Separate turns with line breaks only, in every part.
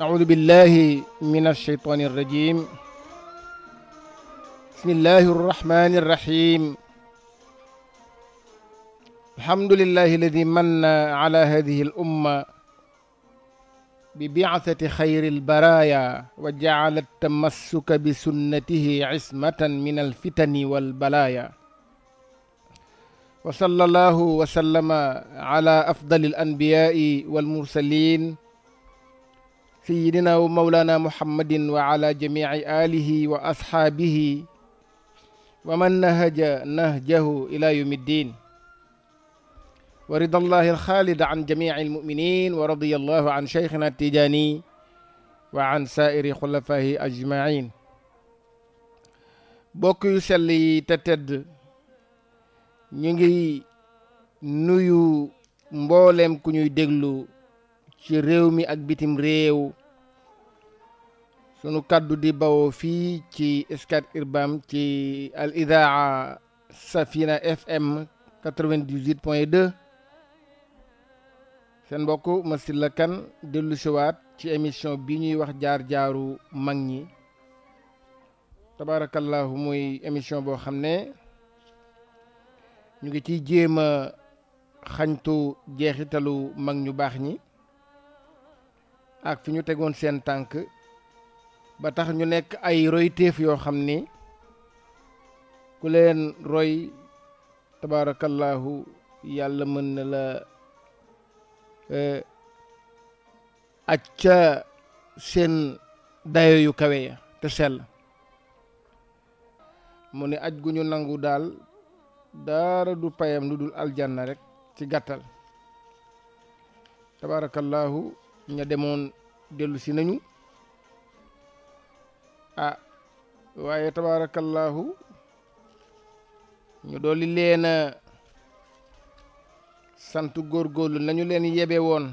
أعوذ بالله من الشيطان الرجيم بسم الله الرحمن الرحيم الحمد لله الذي من على هذه الأمة ببعثة خير البرايا وجعل التمسك بسنته عصمة من الفتن والبلايا وصلى الله وسلم على أفضل الأنبياء والمرسلين سيدنا ومولانا محمد وعلى جميع آله وأصحابه ومن نهج نهجه إلى يوم الدين ورضى الله الخالد عن جميع المؤمنين ورضي الله عن شيخنا التجاني وعن سائر خلفائه أجمعين bokk يسلي تتد نيجي نيو مبولم ñu ngi ci réew mi ak bitim réew sunu kaddu di bawoo fii ci Scat Urbam ci al idaa Safina FM 98.2 seen mbokk Massila Kane dellu siwaat ci émission bi ñuy wax jaar-jaaru mag ñi tabarakallahu muy émission boo xam ne ñu ngi ciy jéem a xañtu jeexitalu mag ñu baax ñi ak fi ñu tegoon seen tànk ba tax ñu nekk ay royteef yoo xam ni ku leen roy tabaarakallaahu yàlla mën na la eh, aj ca seen dayo yu kawe ya te sell mu ne aj gu ñu nangu daal daara du payam lu dul aljana rek ci gàttal tabaarakallaahu ñu demoon dellusi nañu ah waaye tabaarakallaahu ñu dooli leen a sant góorgóorlu nañu leen yebe woon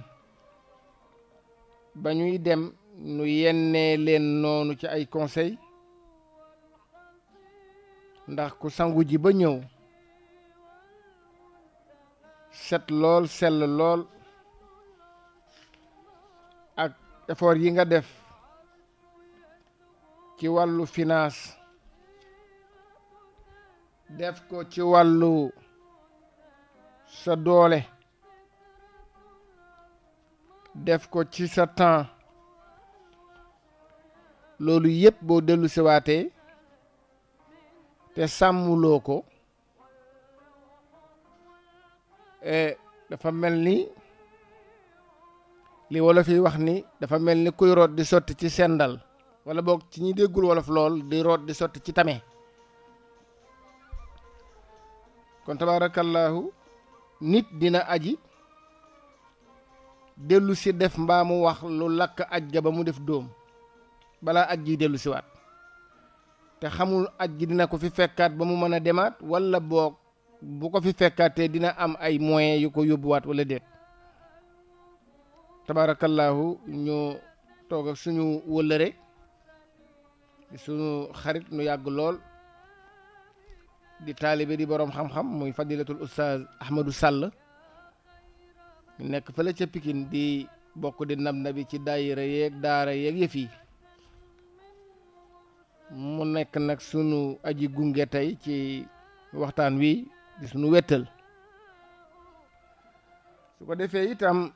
ba ñuy dem nu yennee leen noonu ci ay conseil ndax ku sangu ji ba ñëw set lool sell lool effort yi nga def ci wàllu finance def ko ci wàllu sa doole def ko ci sa temps loolu yëpp boo dellu siwaatee te sàmmuloo ko eh, dafa mel ni li wolof yi wax ni dafa mel ni kuy root di sotti ci sendal wala boog ci ñi déggul wolof lool di root di sotti ci tame kon tabaarakallaahu nit dina aji dellu si def mbaa mu wax lu lakk aj ga ba mu def dóom balaa aj gi dellu waat te xamul aj gi dina ko fi fekkaat ba mu mën a demaat walla boog bu ko fi fekkaatee dina am ay moyens yu ko yóbbuwaat wala déet tabaarakallaahu ñu toog ak suñu wëllëre suñu xarit nu yàgg lool di taalibe di boroom xam-xam muy fadilatul ustaaz Ahmadou Sall nekk fële ca Pikine di bokk di nab nabi ci daayira yeeg daara yeeg yëf mu nekk nag suñu aji gunge tey ci waxtaan wi di sunu wettal su ko defee itam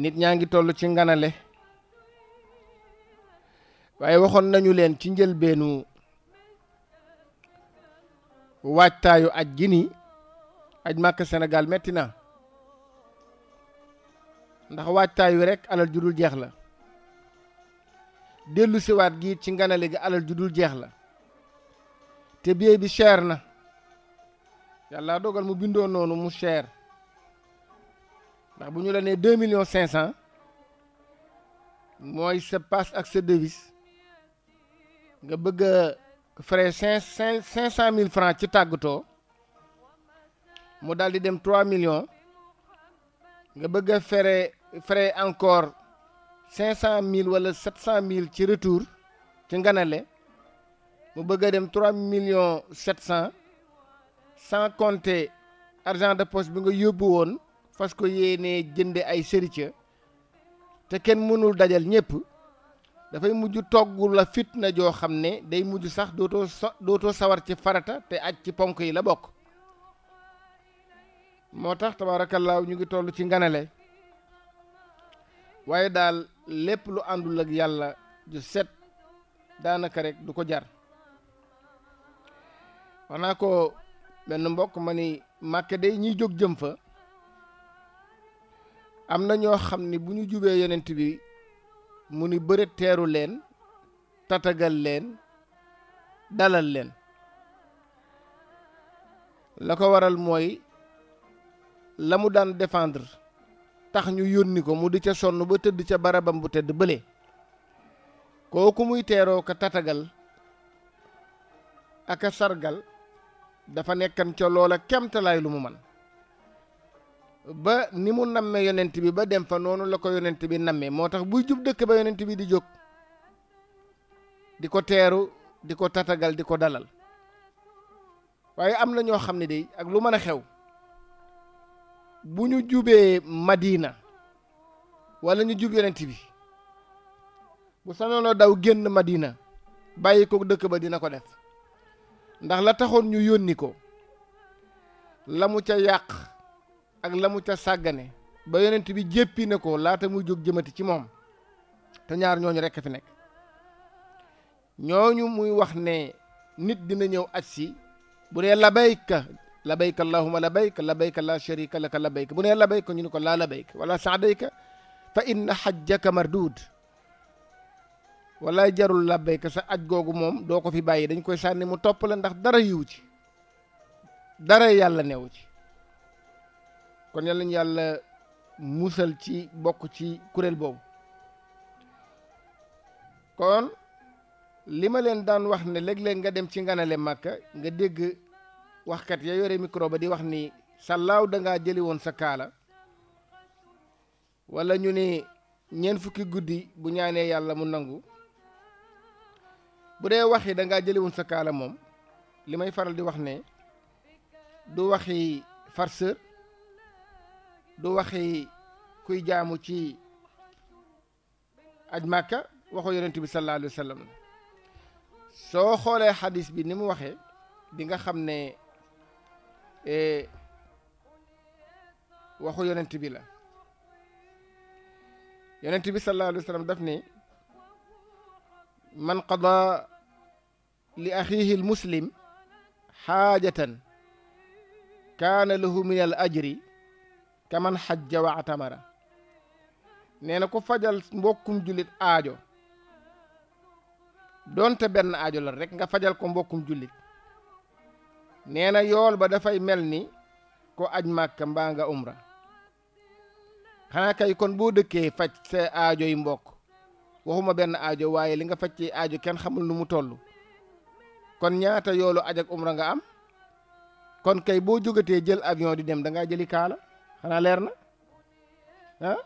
nit ñaa ngi toll ci nganale waaye waxoon nañu leen ci njëlbeenu waajtaayu aj gi ni aj màkk Sénégal metti na ndax waajtaay wi rekk alal ju dul jeex la dellu siwaat gi ci nganale gi alal ju dul jeex la te billet bi cher na yàlla dogal mu bindoo noonu mu cher Nous sommes à 2,5 2 500 francs. Moi, je passe avec cette devise. Je voudrais faire 500 000 francs sur le territoire. Je vais 3 millions. Je voudrais faire encore 500 000 ou 700 000 francs sur le territoire. Je voudrais faire 3,7 Sans compter l'argent de poste fas ko yéenee jënde ay sërica te kenn mënul dajal ñépp dafay mujj togg la na joo xam ne day mujj sax dootoo sawar ci farata te aj ci ponk yi la bokk moo tax tabaarakallaahu ñu ngi toll ci nganale waaye daal lépp lu àndul ak yàlla ju set daanaka rek du ko jar wax naa ko benn mbokk ma ni màkke day jóg jëm fa am na ñoo xam ni bu ñu jubee yonent bi mu ni bëri teeru leen tatagal leen dalal leen la ko waral mooy la mu daan défendre tax ñu yónni ko mu di ca sonn ba tëdd ca barabam bu tëdd bële kooku muy teeroo ko tatagal aka sargal dafa nekkan ca loola kemtalaay lu mu man ba ni mu nammee yonent bi ba dem fa noonu la ko yonent bi nammee moo tax buy jub dëkk ba yonent bi di jóg di ko teeru di ko tatagal di ko dalal waaye am na ñoo xam ne day ak lu mën a xew bu ñu jubee Madina wala ñu jub yonent bi bu sanoonoo daw génn Madina bàyyi ko dëkk ba dina ko def ndax la taxoon ñu yónni ko la mu ca yàq ak la mu ca sàggane ba yonent bi jéppi ne ko laata muy jóg jëmati ci moom te ñaar ñooñu rekk fi nekk ñooñu muy wax ne nit dina ñëw aj si bu nee labayka labayka allahuma labayka labayka la sharika laka labayka bu nee labayka ñu ne ko laa labayka wala saadayka fa inna xajjaka mardud wala jarul labayka sa aj googu moom doo ko fi bàyyi dañ koy sànni mu topp la ndax dara yiw ci dara yàlla newu ci kon yal nañu yàlla musal ci bokk ci kuréel boobu kon li ma leen daan wax ne léeg leen nga dem ci nganale màkka nga dégg waxkat ya yore micro ba di wax ni sàllaaw dangaa ngaa jëli woon sa kaala wala ñu ne ñeent fukki guddi bu ñaanee yàlla mu nangu bu dee waxi da ngaa jëliwoon sa kaala moom li may faral di wax ne du waxi farceur du waxi kuy jaamu ci aj màkka waxu yaronte bi sallallahu alayhi wasallam so xole hadith bi nimu waxe bi nga xamne eh waxu yaronte bi la yaronte bi sallallahu alayhi wasallam daf ni man qada li akhihi al muslim حاجة كان له من الأجر kaman xaj wa atamara nee na ku fajal mbokkum jullit aajo doonte benn aajo la rek nga fajal ko mbokkum jullit nee na yool ba dafay mel ni ko aj màkk mbaa nga umra xanaa kay kon boo dëkkee faj sa aajo yi mbokk waxuma benn aajo waaye li nga faj ci aajo kenn xamul nu mu toll kon ñaata yoolu aj ak umra nga am kon kay boo jógatee jël avion di dem da ngaa jëli kaala xanaa leer na ah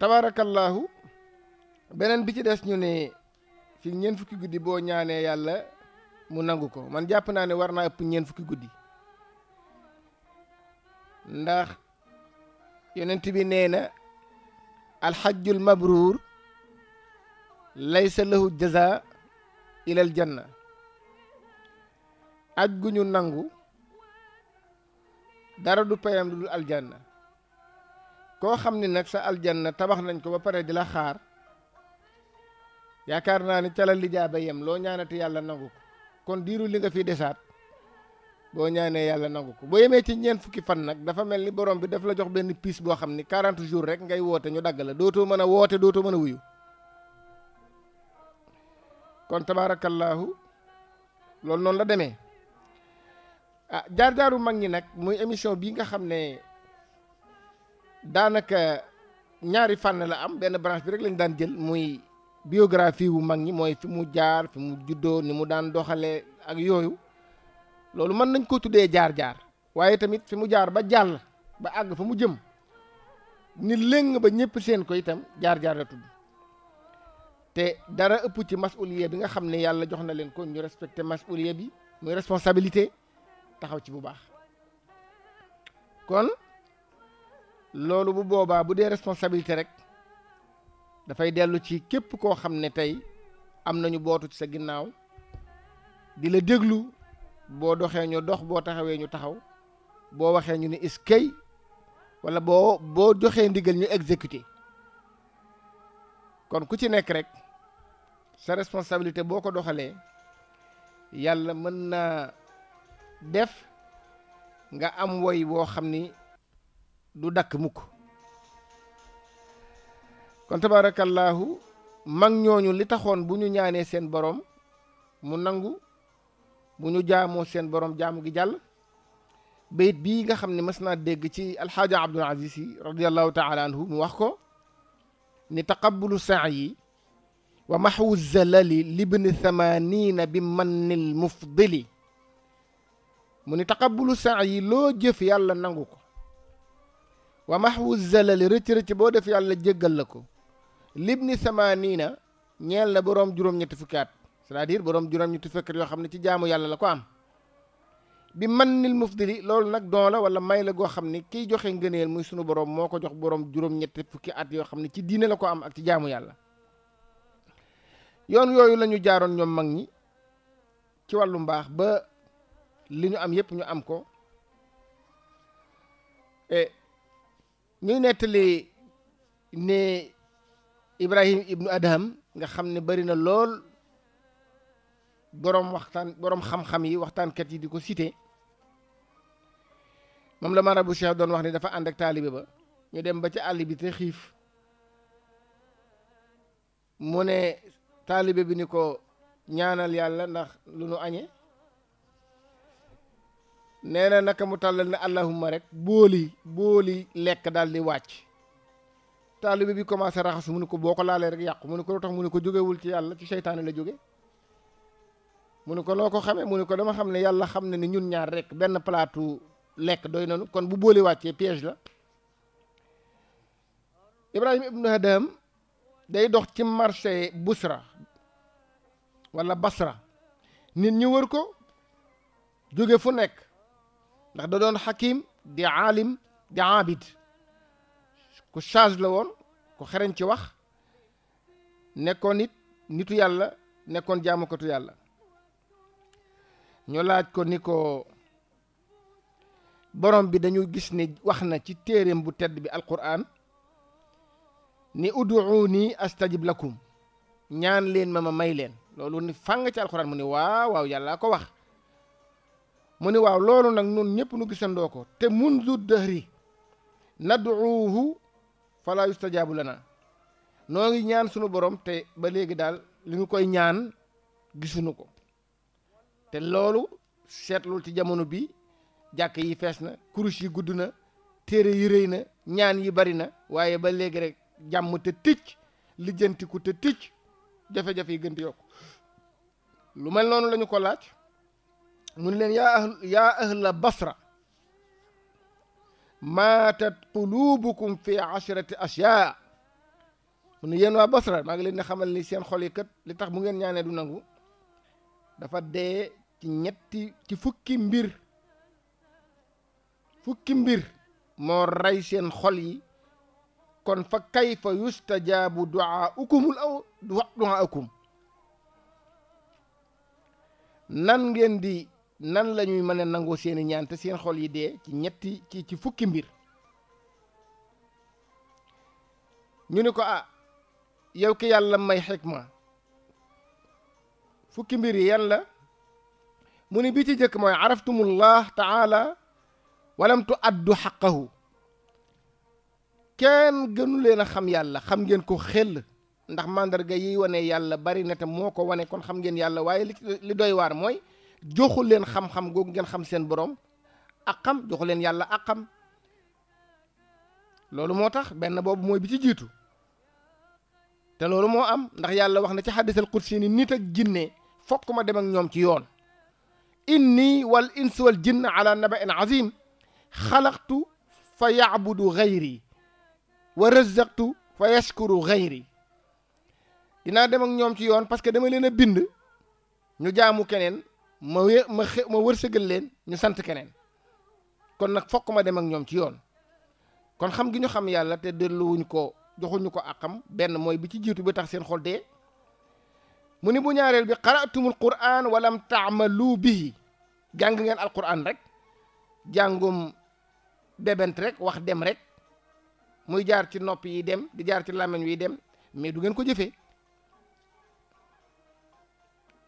tabaarakallaahu beneen bi ci des ñu ne fi ñeent fukki guddi boo ñaanee yàlla mu nangu ko man jàpp naa ne war naa ëpp ñeent fukki guddi ndax yonent bi nee na alxajjul mabruur laysa lahu jaza ilal janna aj gu ñu nangu dara du payam lu dul aljanna koo xam ni nag sa aljanna tabax nañ ko ba pare di la xaar yaakaar naa ni calal la lijaaba yem loo ñaanati yàlla nangu ko kon diiru li nga fi desaat boo ñaanee yàlla nangu ko boo yemee ci ñeent fukki fan nag dafa mel ni borom bi daf la jox benn piis boo xam ni 40 jours rek ngay woote ñu dagg la dootoo mën a woote dootoo mën a wuyu kon tabaarakallaahu loolu noonu la demee a ah, jaar mag ñi nag muy émission bii nga xam ne daanaka ñaari fànn la am benn branche bi rek lañ daan jël muy biographie wu mag ñi mooy fi mu jaar fi mu juddoo ni mu daan doxalee ak yooyu loolu mën nañ ko tuddee jaar-jaar waaye tamit fi mu jaar ba jàll ba àgg fa mu jëm ni lëng ba ñëpp seen ko itam jaar-jaar la tudd te dara ëpp ci masuliya bi nga xam ne yàlla jox na leen ko ñu respecté masuliya bi muy responsabilité taxaw ci bu baax kon loolu bu boobaa bu dee responsabilité rek dafay dellu ci képp koo xam ne tey am nañu bootu ci sa ginnaaw di la déglu boo doxee ñu dox boo taxawee ñu taxaw boo waxee ñu ne iskay walla boo boo joxee ndigal ñu exécuter kon ku ci nekk rek sa responsabilité boo ko doxalee yàlla mën naa def nga am woy woo xam ni du dakk mukk kon tabaarakallaahu mag ñooñu li taxoon bu ñu ñaanee seen boroom mu nangu bu ñu jaamoo seen boroom jaamu gi jàll bayit bii nga xam ne mas naa dégg ci alxaaja abdul aziz yi radiallahu taala anhu mu wax ko ni taqabulu saa yi wa maxwu zalali libni thamanina bi mannil mufdili mu ni taqabulu saa yi loo jëf yàlla nangu ko wa mahwu zalali rëcc rëcc boo def yàlla jéggal la ko ni samaniina ñeel na boroom juróom-ñetti fukki at c'est-à-dire boroom juróom-ñetti yoo xam ne ci jaamu yàlla la ko am bi man nil mufdili loolu nag don wala may la goo xam ne kiy joxe ngëneel muy sunu boroom moo ko jox boroom juróom-ñetti fukki at yoo xam ne ci diine la ko am ak ci jaamu yàlla yoon yooyu la jaaroon ñoom mag ñi ci wàllu mbaax li ñu am yëpp ñu am ko e, ñu nettali ne ibrahim ibnu adham nga xam ne bari na lool boroom waxtaan boroom xam-xam yi waxtaanket yi di ko cité moom la marabu cheikh doon wax ni dafa ànd ak taalibe ba ñu dem ba ci àll bi te xiif mu ne taalibe bi ni ko ñaanal yàlla ndax lu nu añe nee na naka mu tàllal ne allahumma rek booli booli lekk daal di wàcc taalibe bi commencé raxas mu ni ko boo ko laalee rek yàqu mu ne ko lu tax mu ni ko jógewul ci yàlla ci seytaane la jóge mu ne ko loo ko xamee mu ne ko dama xam ne yàlla xam ne ni ñun ñaar rek benn palaatu lekk doy nanu kon bu bóoli wàccee piège la Ibrahima ibnu Hadam day dox ci marché Busra wala Basra nit ñi wër ko jóge fu nekk ndax da doon xakim di aalim di aabid ku change la ku xereñ ci wax nekkoon it nitu yàlla nekkoon jaamukatu yàlla ñu laaj ko ni ko borom bi dañu gis ni wax na ci téereem bu tedd bi alquran ni uduuni astajib lakum ñaan leen ma ma may leen loolu ni fàng ci alquran mu ni waaw waaw yàllaa ko wax mu ni waaw loolu nag nun ñëpp nu gisandoo ko te mun mundu dëhri nad'uuhu fala yustajaabu naa noo ngi ñaan sunu borom te ba léegi daal li ñu koy ñaan gisuñu ko te loolu seetlul ci jamono bi jàkk yi fees na kurus yi gudd na téere yi rëy na ñaan yi bari na waaye ba léegi rek jàmm te ticc lijjantiku te ticc jafe-jafe yi gën di yokku lu mel noonu lañu ko laaj mu ne leen yaa ahl basra maatat qulubukum fi ashrati ashyaa mu ne yéen waa basra maa ngi leen di xamal ni seen xol yi kat li tax mu ngeen ñaanee du nangu dafa dee ci ñetti ci fukki mbir fukki mbir moo rey seen xol yi kon fa kayfa yustajaabu duaaukumul aw duaaukum nan ngeen di nan lañuy ñuy mën nangoo seeni i ñaan te seen xol yi de ci ñetti ci ci fukki mbir ñu ne ko ah yow ki yàlla may xikma fukki mbir yi yan la mu ni bi ci jëkk mooy araftumullah taala walam tu addu xaqahu kenn gënu leen a xam yàlla xam ngeen ko xel ndax màndarga yi wane yàlla bari na te moo ko wane kon xam ngeen yàlla waaye li doy waar mooy joxu leen xam-xam googu ngeen xam seen borom ak xam joxu leen yàlla ak xam loolu moo tax benn boobu mooy bi ci jiitu te loolu moo am ndax yàlla wax na ci xaddisal qudsi ni nit ak jinne fokk ma dem ak ñoom ci yoon inni wal ins wal jinn ala naba in azim xalaqtu fa yaabudu gayri wa razaqtu fa yashkuru gayri dinaa dem ak ñoom ci yoon parce que dama leen a bind ñu jaamu keneen ma wé ma xe ma wërsëgal leen ñu sant keneen kon nag fokk ma dem ak ñoom ci yoon kon xam gi ñu xam yàlla te delluwuñ ko joxuñu ko akam benn mooy bi ci jiitu bi tax seen xol de mu ni bu ñaareel bi qara'tumul qur'an walam lu bihi jàng ngeen alquran rek jàngum debent rek wax dem rek muy jaar ci nopp yi dem di jaar ci làmmiñ wi dem mais du ngeen ko jëfee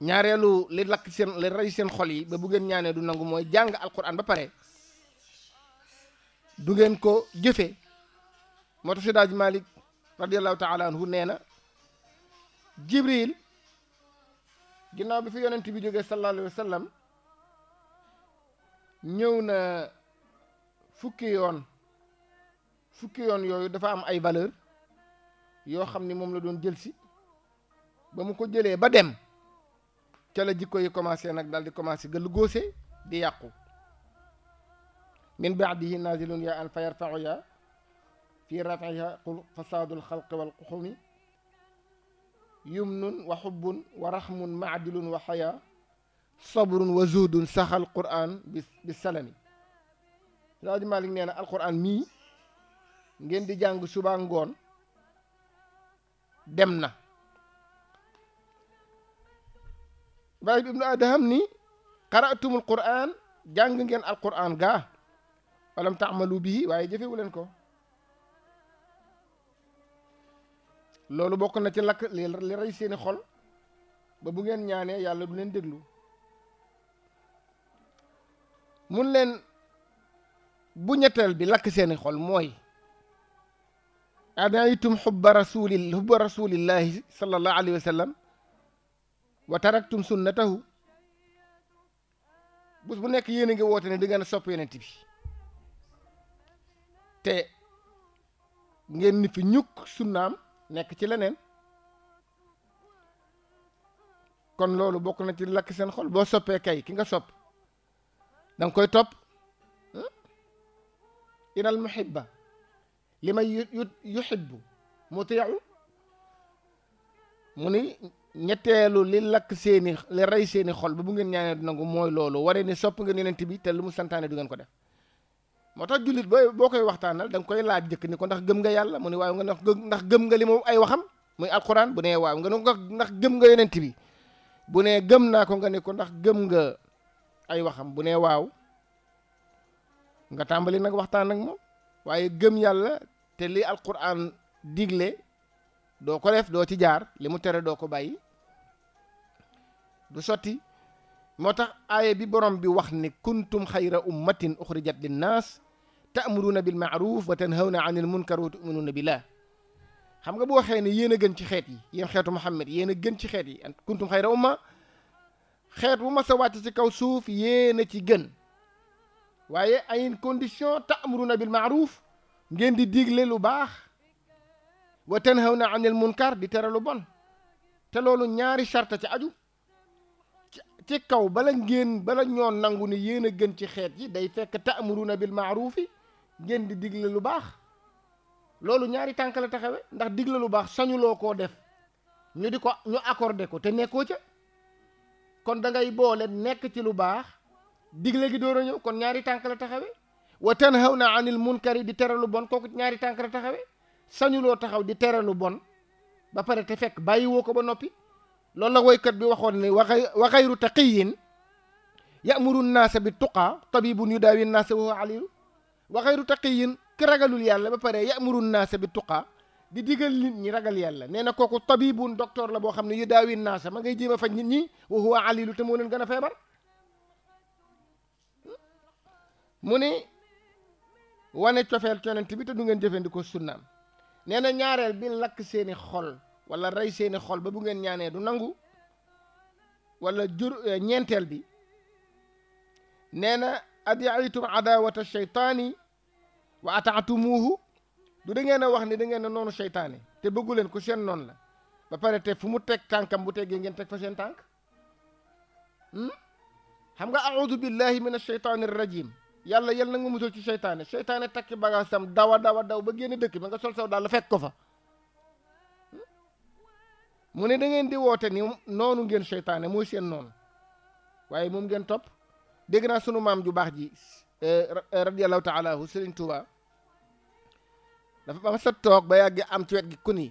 ñaareelu li lakk seen li rey seen xol yi ba bu ngeen ñaanee du nangu mooy jàng alquran ba pare du ngeen ko jëfee moo tax Seydi Malick radiallahu taala anhu nee na jibril ginnaaw bi fi yonent bi jógee sallallahu alayhi sallam ñëw na fukki yoon fukki yoon yooyu dafa am ay valeur yoo xam ni moom la doon jël si ba mu ko jëlee ba dem ca jikko yi commencé nag dal di commencé gëllu góose di yàqu min baadihi nazilun ya an fa yarfau ya fi rafiha fasaadul xalqi wal xuxumi yumnun wa xubbun wa raxmun maadilun wa xayaa sabrun wa zuudun saxal quraan bi bi salami Alaaji Maalik nee na mii ngeen di jàng suba ngoon dem na ibrahim ibnu adham ni qara'tumul qur'an jàng ngeen al qur'an gaa walam taamalu bii waaye jëfewu leen ko loolu bokk na ci lakk li rey seeni xol ba bu ngeen ñaanee yàlla du leen déglu mun leen bu ñetteel bi lakk seeni xol mooy adaytum xubba rasuli xubba rasulillahi sallallahu alayhi wa sallam wa taraktum sunnatahu bés bu nekk yéen a ngi woote ne di a sopp yonent bi te ngeen ni fi ñukk sunnaam nekk ci leneen kon loolu bokk na ci lakk seen xol boo soppee kay ki nga sopp danga koy topp inal muhibba li may yuhibbu mutiiu mu ni ñetteelu li lakk seeni li rey seeni xol ba bu ngeen ñaanee du nangu mooy loolu waree ni sopp ngeen yonent bi te lu mu santaane du ngeen ko def moo tax jullit booy boo koy waxtaanal da nga koy laaj jëkk ni ko ndax gëm nga yàlla mu ne waaw nga ndax gëm nga li moom ay waxam muy alquran bu nee waaw nga ne ko ndax gëm nga yonent bi bu nee gëm naa ko nga ne ko ndax gëm nga ay waxam bu nee waaw nga tàmbali nag waxtaan nag moom waaye gëm yàlla te li alquran digle doo ko def doo ci jaar li mu tere doo ko bàyyi du sotti motax tax bi borom bi wax ne kuntum khayra ummatin ukhrijat lin nas ta'muruna bil ma'ruf wa tanhawna anil munkar wa tu'minuna billah xam nga bu waxe ne yéen gën ci xet yi yéen xetu Muhammad yéen gën ci xet yi kuntum khayra umma xet bu ma sa wàcc ci kaw suuf yéen ci gën waye ay une condition ta'muruna bil ma'ruf ngeen di digle lu bax wa tanhawna anil munkar di tere lu bon te lolu ñaari charte ci aju ci kaw bala ngeen bala ñoo nangu ni yéen a gën ci xeet yi day fekk ta'muruna bil ma'rufi ngeen di digle lu baax loolu ñaari tànk la taxawe ndax digle lu baax sañuloo koo def ñu di ko ñu accordé ko te nekkoo ca kon dangay ngay boole nekk ci lu baax digle gi doo a ñëw kon ñaari tànk la taxawe wa tanhawna anil munkari di tere lu bon kooku ñaari tànk la taxawe sañuloo taxaw di tere lu bon ba pare te fekk bàyyiwoo ko ba noppi loolu la woykat bi waxoon ni waxay waxayru taqiyin yamuru naasa bi tuqaa tabibun yu daawi naasa wa aliyu waxayru taqiyin ki ragalul yàlla ba pare yamuru naasa bi tuqaa di digal nit ñi ragal yàlla nee na kooku tabibun docteur la boo xam ne yu daawi naasa ma ngay jéem a faj nit ñi wa huwa alilu te moo leen gën a feebar mu ni wane cofeel yonent bi te du ngeen jëfandikoo sunnaam nee na ñaareel bi lakk seeni xol wala rey seeni xol ba bu ngeen ñaanee du nangu wala jur eh, ñeenteel bi nee na adiaytum adawata cheytaani wa ataatumuuhu du da ngeen a wax ni da ngeen a noonu cheytaane te bëggu leen ko seen noonu la ba pare te fu mu teg tànkam bu teggee ngeen teg fa seen tànk hmm? xam nga audu billahi min acheytaani rajim yàlla yal na nga musal ci cheytaane cheytaane takki bagaasam dawa dawa daw ba génn dëkk ba nga sol saw daal la fekk ko fa mu ne da ngeen di woote ni noonu ngeen seytaane mooy seen noonu waaye moom ngeen topp dégg naa sunu maam ju baax ji eh, radiallahu taala anhu Sëriñ Tuuba dafa ba sa toog ba yàggee am ci wet gi ko ni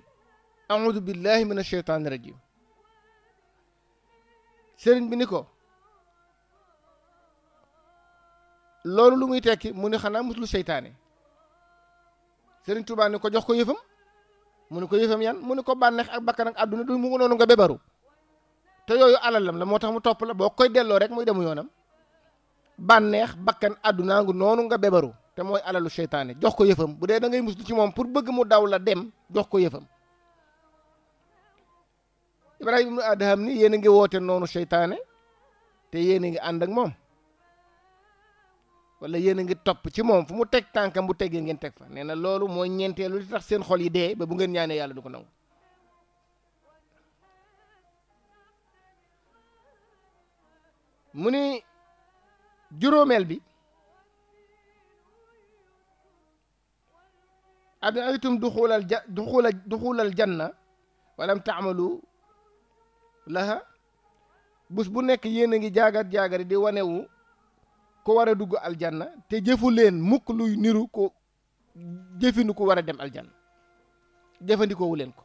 audu billahi min asheytaani rajim sëriñ bi ni ko loolu lu muy tekki mu ne xanaa muslu seytaane Sëriñ Tuuba ni ko jox ko yëfam mu ne ko yëfam yan mu ne ko bànneex ak bakkan ak àdduna du mu ngi noonu nga bébaru te yooyu alalam la moo tax mu topp la boo koy delloo rek muy demu yoonam bànneex bakkan àdduna ngu noonu nga bébaru te mooy alalu seytaane jox ko yëfam bu dee da ngay muslu ci moom pour bëgg mu daw la dem jox ko yëfam ibrahima ibnu adham ni yéen a ngi woote noonu seytaane te yéen a ngi ànd ak moom wala yéen a ngi topp ci moom fu mu teg tànkam bu teggee ngeen teg fa nee na loolu mooy ñeenteelu li tax seen xol yi dee ba bu ngeen ñaanee yàlla du ko nangu mu ni juróomeel bi ab aytum duxulal ja jan na janna walam taamalu laha bus bu nekk yéen a ngi jaagar jaagari di wanewu ko war a dugg aljanna te jëfu leen mukk luy niru ko jëfinu ku war a dem aljanna jëfandikoowu leen ko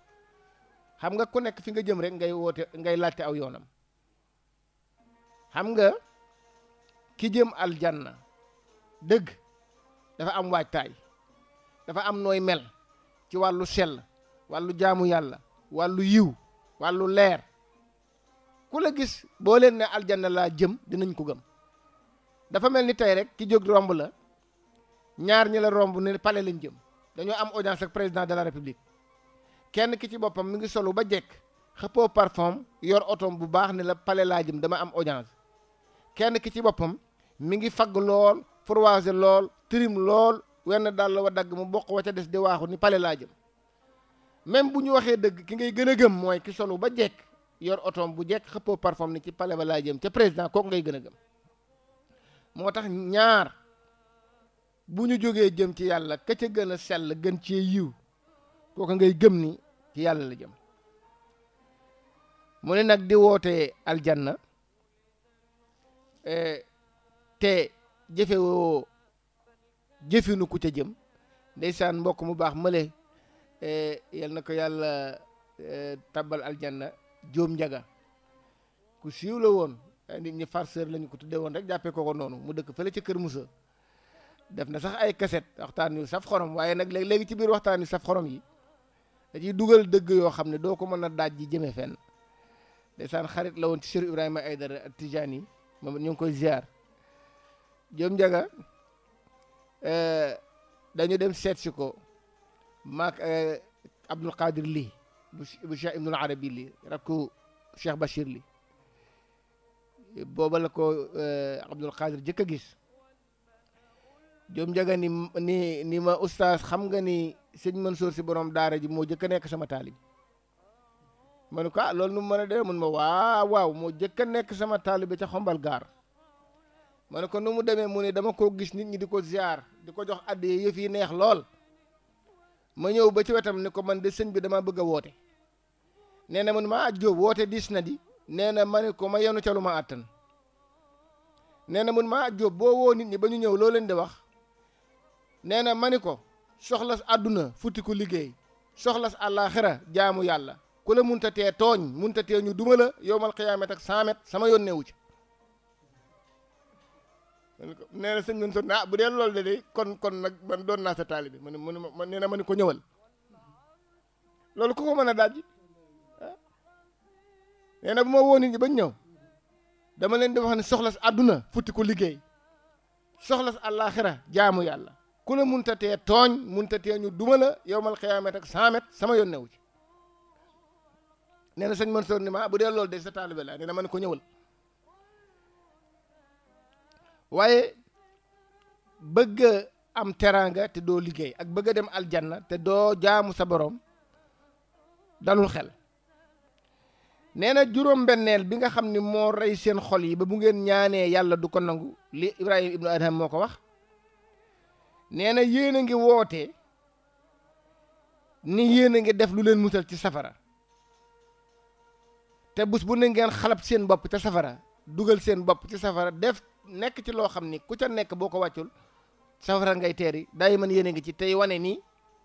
xam nga ku nekk fi nga jëm rek ngay woote ngay laajte aw yoonam xam nga ki jëm aljanna dëgg dafa am waajtaay dafa am nooy mel ci wàllu sell wàllu jaamu yàlla wàllu yiw wàllu leer ku la gis boo leen ne aljanna laa jëm dinañ ko gëm dafa mel ni tey rek ki jóg romb la ñaar ñi la romb ne pale lañ jëm dañoo am audience ak président de la république kenn ki ci boppam mi ngi solu ba jekk xëppoo parfum yor otoom bu baax ne la pale laa jëm dama am audience kenn ki ci boppam mi ngi fagg lool fourvoisé lool trim lool wenn daal la wa dagg mu bokk wa ca des di waaxu ni pale laa jëm même bu ñu waxee dëgg ki ngay gën a gëm mooy ki solu ba jekk yor otoom bu jekk xëppoo parfum ni ci pale ba laa jëm ca président kooku ngay gën a gëm moo tax ñaar bu ñu jógee jëm ci yàlla ka gën a sell gën ci yiw kooka ngay gëm ni ci yàlla la jëm mu ne nag di wootee aljanna eh, te jëfewoo jëfinu ku ca jëm day ndeysaan mbokk mu baax mële eh, yal na ko yàlla eh, tabbal aljanna jóom njaga ku siiw woon Eh, nit ñi farceur lañu ko tuddee woon rek jàppee ko ko noonu mu dëkk fële ci Kër Moussa def na sax ay kaset waxtaan yu saf xorom waaye nag léegi ci biir waxtaan yu saf xorom yi da ciy dugal dëgg yoo xam ne doo ko mën a daaj ji jëmee fenn ndeysaan xarit la woon ci Cheikh Ibrahima Aïdara Tijani moom ñu ngi koy ziar Jom Njaga eh, dañu dem seet si ko maak eh, Abdul Qadir lii bu Cheikh Ibnul Arabi lii rakku Cheikh Bachir li booba la ko eh, Abdul Xaadir jëkk a gis jóom njaga ni ni ni ma oustaz xam nga ni sëñ mën Mansour si borom daara ji moo jëkk a nekk sama taalib ma ne ko ah loolu nu mën a dee mun ma waaw moo jëkk a nekk sama taalib ca xombal gaar ma ne ko nu mu demee mu ne dama ko gis nit ñi di ko ziar di ko jox àddi yëf yi neex lool ma ñëw ba ci wetam ni ko man de sëñ bi dama bëgg a woote nee na man maa jóob woote diis na di nee na ma ne ko ma yenu ca àttan nee na mun ma jóob boo woo nit ñi ba ñu ñëw loo leen di wax nee na ma ni ko soxlas àdduna futti ku liggéey soxlas àllaaxira jaamu yàlla ku la munta tee tooñ munta tee ñu duma la yowmal xiyaamet ak sama yoon newu ci nee na sëñ son ah bu dee loolu de de kon kon nag man doon naa sa taalibe ma ne ma nee na ma ni ko ñëwal loolu ku ko mën a daaj nee na bu ma woo nit ñi bañ ñëw dama leen di wax ne soxlas àdduna futti ko liggéey soxlas àllaaxira jaamu yàlla ku la munta tee tooñ munta tee ñu duma la yowmal xiyaamet ak sama yoon newu ci nee na sëñ Mansoor ni ma ah, bu dee loolu de sa taalibe la nee na man ko ñëwal waaye bëgg am teraanga te doo liggéey ak bëgg a dem aljanna te doo jaamu sa borom dalul xel nee na juróom-benneel bi nga xam ni moo rey seen xol yi ba bu ngeen ñaanee yàlla du ko nangu li Ibrahima ibnu Adham moo ko wax nee na yéen a ngi woote ni yéen a ngi def lu leen musal ci safara te bus bu ne ngeen xalab seen bopp ca safara dugal seen bopp ci safara def nekk ci loo xam ni ku ca nekk boo ko wàccul safara ngay teeri day man yéen a ngi ci tey wane nii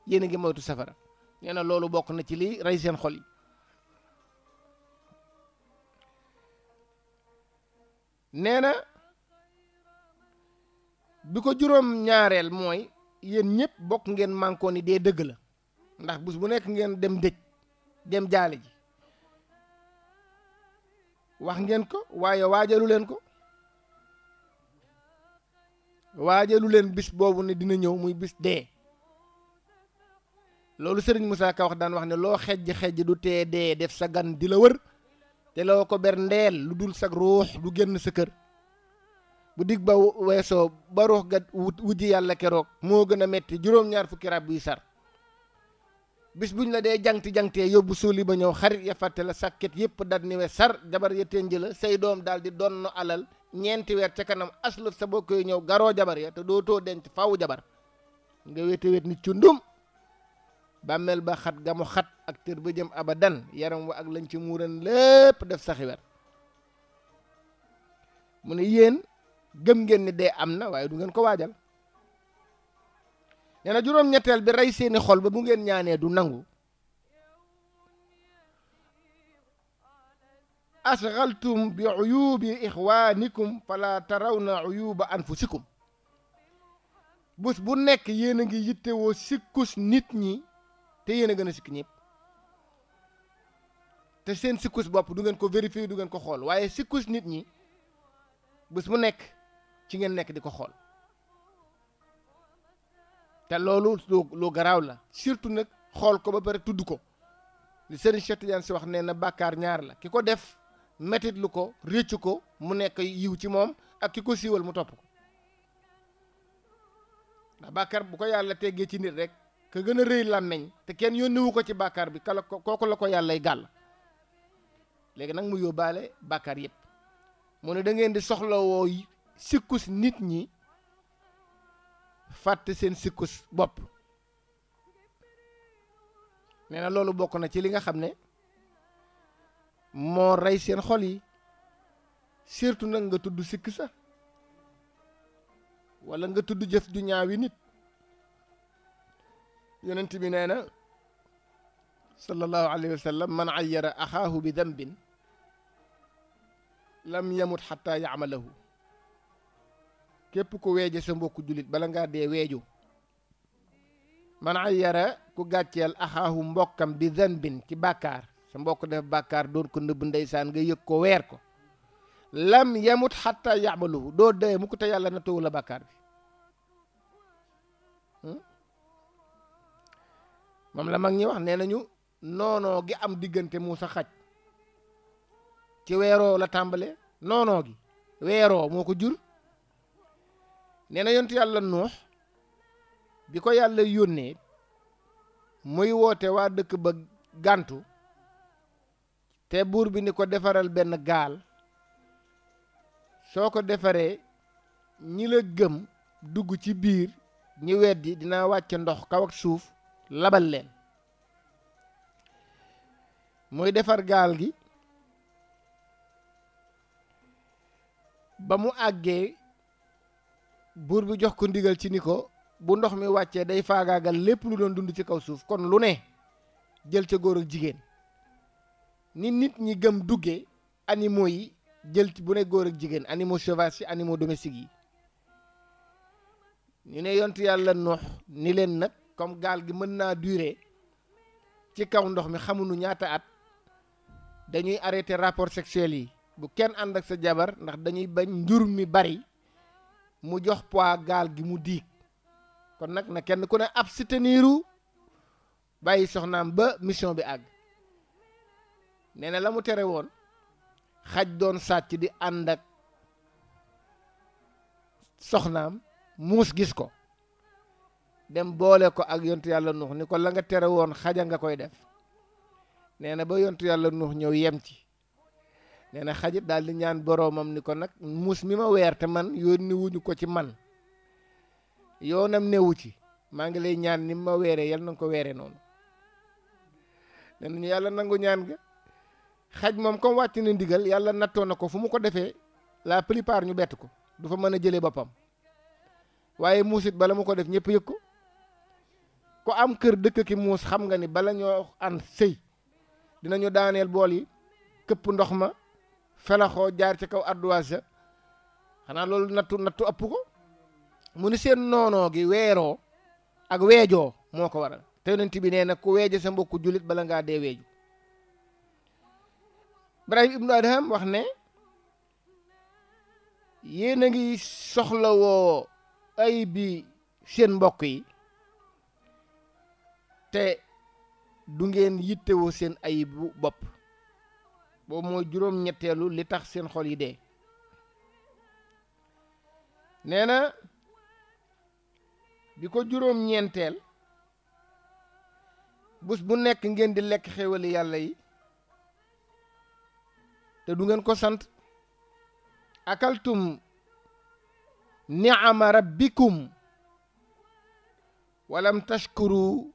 yéen a ngi moytu safara nee loolu bokk na ci li rey seen xol yi nee na bi ko juróom ñaareel mooy yéen ñëpp bokk ngeen mànkoo ni dee dëgg la ndax bus bu nekk ngeen dem dëj dem jaale ji wax ngeen ko waaye waajalu leen ko waajalu leen bis boobu ne dina ñëw muy bis dee loolu sëriñ Moussa Ka wax daan wax ne loo xejj xejj du tee dee def sa gan di la wër te loo ko ber lu dul sag ruux du génn sa kër bu dig ba weesoo ba ruux ga wujji yàlla keroog moo gën a metti juróom-ñaar fukki rab buy sar bis buñ la dee jangti-jangtee yóbbu suuli ba ñëw xarit ya fàtte la sàkket yëpp dat ni we sar jabar ya tënj la say doom daal di donn alal ñeenti weer ca kanam asluf sa bokk yi ñëw garoo jabar ya te dootoo denc faw jabar nga wéete wéet ni cundum bàmmeel ba xat gamu xat ak tër ba jëm abadan yaram wa ak lañ ci muuran lépp def saxi wer mu ne yéen gëm ngeen ni dee am na waaye du ngeen ko waajal nee na juróom-ñetteel bi rey seeni xol ba bu ngeen ñaanee du nangu ashgaltum bi uyubi ixwaanikum fala tarawna uyuba anfusikum bus bu nekk yéen a ngi yittewoo sikkus nit ñi te yéen a gën a sikk ñëpp te seen sikkus bopp du ngeen ko vérifier du ngeen ko xool waaye sikkus nit ñi bés mu nekk ci ngeen nekk di ko xool te loolu lu garaaw la surtout nag xool ko ba pare tudd ko li Serigne Cheikh Tidiane si wax nee na bàkkaar ñaar la ki ko def metitlu ko réccu ko mu nekk yiw ci moom ak ki ko siiwal mu topp ko ndax bàkkaar bu ko yàlla teggee ci nit rek ka gën a rëy làmmeñ te kenn yónniwu ko ci bàkkaar bi kala ko kooku la ko yàllay gàll léegi nag mu yóbbaale bàkkaar yëpp mu ne dangeen ngeen di soxlawoo sikkus nit ñi fàtte seen sikkus bopp nee na loolu bokk na ci li nga xam ne moo rey seen xol yi surtout nag nga tudd sikk sa walla nga tudd jëf ju ñaawi nit yonent bi nee na sallallahu alayhi wa sallam man ayyara axaahu bi dambin lam yamut xatta yaamalahu képp ku weeje sa mbokku jullit bala ngaa dee weeju man ayyara ku gàcceel axaahu mbokkam bi dambin ci bàkkaar sa mbokk def bàkkaar doon ko nëbb ndeysaan nga yëg ko weer ko lam yamut xatta yaamalahu doo dee mu te yàlla na towu la bàkkaar bi moom la mag ñi wax nee nañu noonoo gi am diggante muusa xaj ci weeroo la tàmbale noonoo gi weeroo moo ko jur nee na yontu yàlla nuux bi ko yàlla yónnee muy woote waa dëkk ba gàntu te buur bi ni ko defaral benn gaal soo ko defaree ñi la gëm dugg ci biir ñi weddi dinaa wàcce ndox kaw ak suuf labal leen muy defar gaal gi ba mu àggee buur bi jox ko ndigal ci ni ko bu ndox mi wàccee day faagaagal lépp lu doon dund ci kaw suuf kon lu ne jël ca góor ak jigéen ni nit ñi gëm dugge animaux yi jël bu ne góor ak jigéen animaux sauvages yi animaux domestiques yi ñu ne yontu yàlla noox ni leen nag comme gaal gi mën naa dure ci kaw ndox mi xamuñu ñaata at dañuy arrêté rapport sexuel yi bu kenn ànd ak sa jabar ndax dañuy bañ njur mi bari mu jox poids gaal gi mu diig kon nag na kenn ku ne ab abstenir bàyyi soxnaam ba mission bi àgg nee na la mu tere woon xaj doon sàcc di ànd ak soxnaam muus gis ko dem boole ko ak yontu yàlla nuux ni ko la nga tere woon xaja nga koy def nee na ba yontu yàlla nuux ñëw yem ci nee na xajit daal di ñaan boroomam ni ko nag muus mi ma weer te man yónni wuñu ko ci man yoonam newu ci maa ngi lay ñaan ni ma weere yal na ko weeree noonu nee nañu yàlla nangu ñaan ga xaj moom comme wàcc na ndigal yàlla nattoo na ko fu mu ko defee la plupart ñu bett ko du fa mën a jëlee boppam waaye muusit bala mu ko def ñëpp yëg ko ku am kër dëkk ki muus xam nga ni bala ñoo an sëy dinañu daaneel bool yi këpp ndox ma felaxoo jaar ci kaw ardoise xanaa loolu nattu nattu ëpp ko mu ni seen noonoo gi weeroo ak weejoo moo ko waral te yonent bi nee na ku weeje sa mbokku jullit bala ngaa dee weeju Ibrahim ibnu Adham wax ne yéen a ngi soxlawoo ay bi seen mbokk yi te du ngeen yittewoo seen ayibu bopp boobu mooy juróom-ñetteelu li tax seen xol yi dee nee na bi ko juróom-ñeenteel bés bu nekk ngeen di lekk xéwali yàlla yi te du ngeen ko sant akaltum niama rabbikum walam tashkuru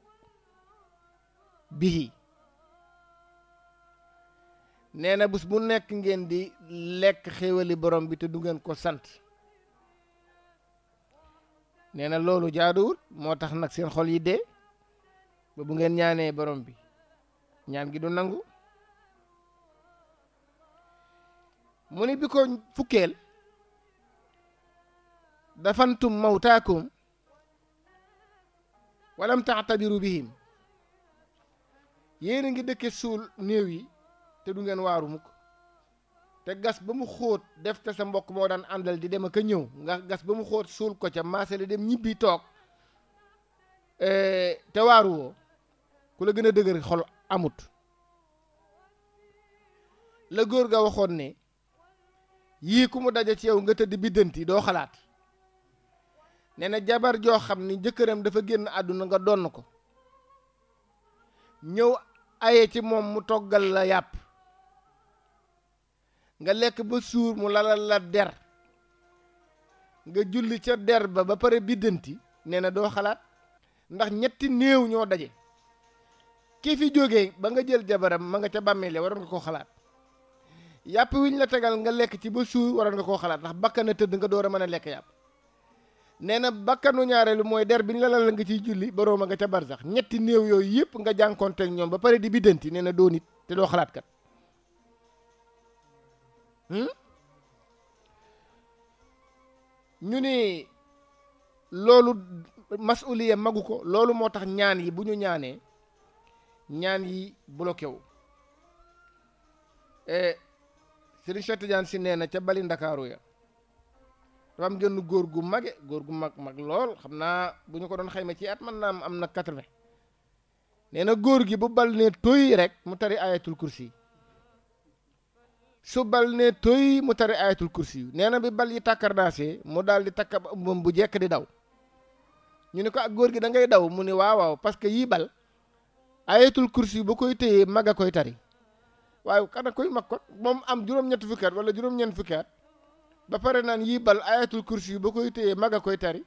bihi nee na bés bu nekk ngeen di lekk xéewali borom bi te du ngeen ko sant nee na loolu jaaduwut moo tax nag seen xol yi dee ba bu ngeen ñaanee borom bi ñaan gi du nangu mu ni bi ko fukkeel dafantum mawtaakum tax taxtabiru bihim yéen a ngi dëkke suul néew yi te du ngeen waaru mukk te gas ba mu xóot def te sa mbokk moo daan àndal di dem ak a ñëw nga gas ba mu xóot suul ko ca maasale dem ñibbi toog eh, te waaru woo ku la gën a dëgër xol amut la góor ga waxoon ne yii ku mu daje ci yow nga tëdd yi doo xalaat nee na jabar joo xam ni jëkkëram dafa génn àdduna nga donn ko ñëw aye ci moom mu toggal la yàpp nga lekk ba suur mu lalal la der nga julli ca der ba ba pare biddanti nee na doo xalaat ndax ñetti néew ñoo daje kii fi jógee ba nga jël jabaram ma nga ca bàmmeele waroon nga koo xalaat yàpp wiñ la tegal nga lekk ci ba suur waroon nga koo xalaat ndax bakkan a tëdd nga door a mën a lekk yàpp nee na bakkanu ñaareelu mooy der bi ñu la la nga ciy julli borooma nga ca barsax ñetti néew yooyu yëpp nga jànkoonteeg ñoom ba pare di biddanti nee na doo te doo xalaat kat hmm? ñu ni loolu masuliya magu ko loolu moo tax ñaan yi bu ñu ñaanee ñaan yi bloqué wu eh, Serigne Cheikh Tidiane si nee na ca bali ndakaaru ya dafa am góor gu mage góor gu mag mag lool xam naa bu ñu ko doon xayma ci at man naa am na quatre-vingts nee na góor gi bu bal nee toy rek mu tari ayatul kursi su bal ne toy mu tari ayatul kursi yu nee na bi bal yi tàkkardaase mu daal di takk ab bu jekk di daw ñu ne ko ak ah, góor gi da ngay daw mu ne waawaaw waaw parce que yii bal ayatul kursi ba koy téyee mag a koy tari waaye kana koy mag ko moom am juróom-ñetti fukki at wala juróom-ñeent fukki at ba pare naan yii bal ayatul kursi yu ba koy téyee mag a koy tari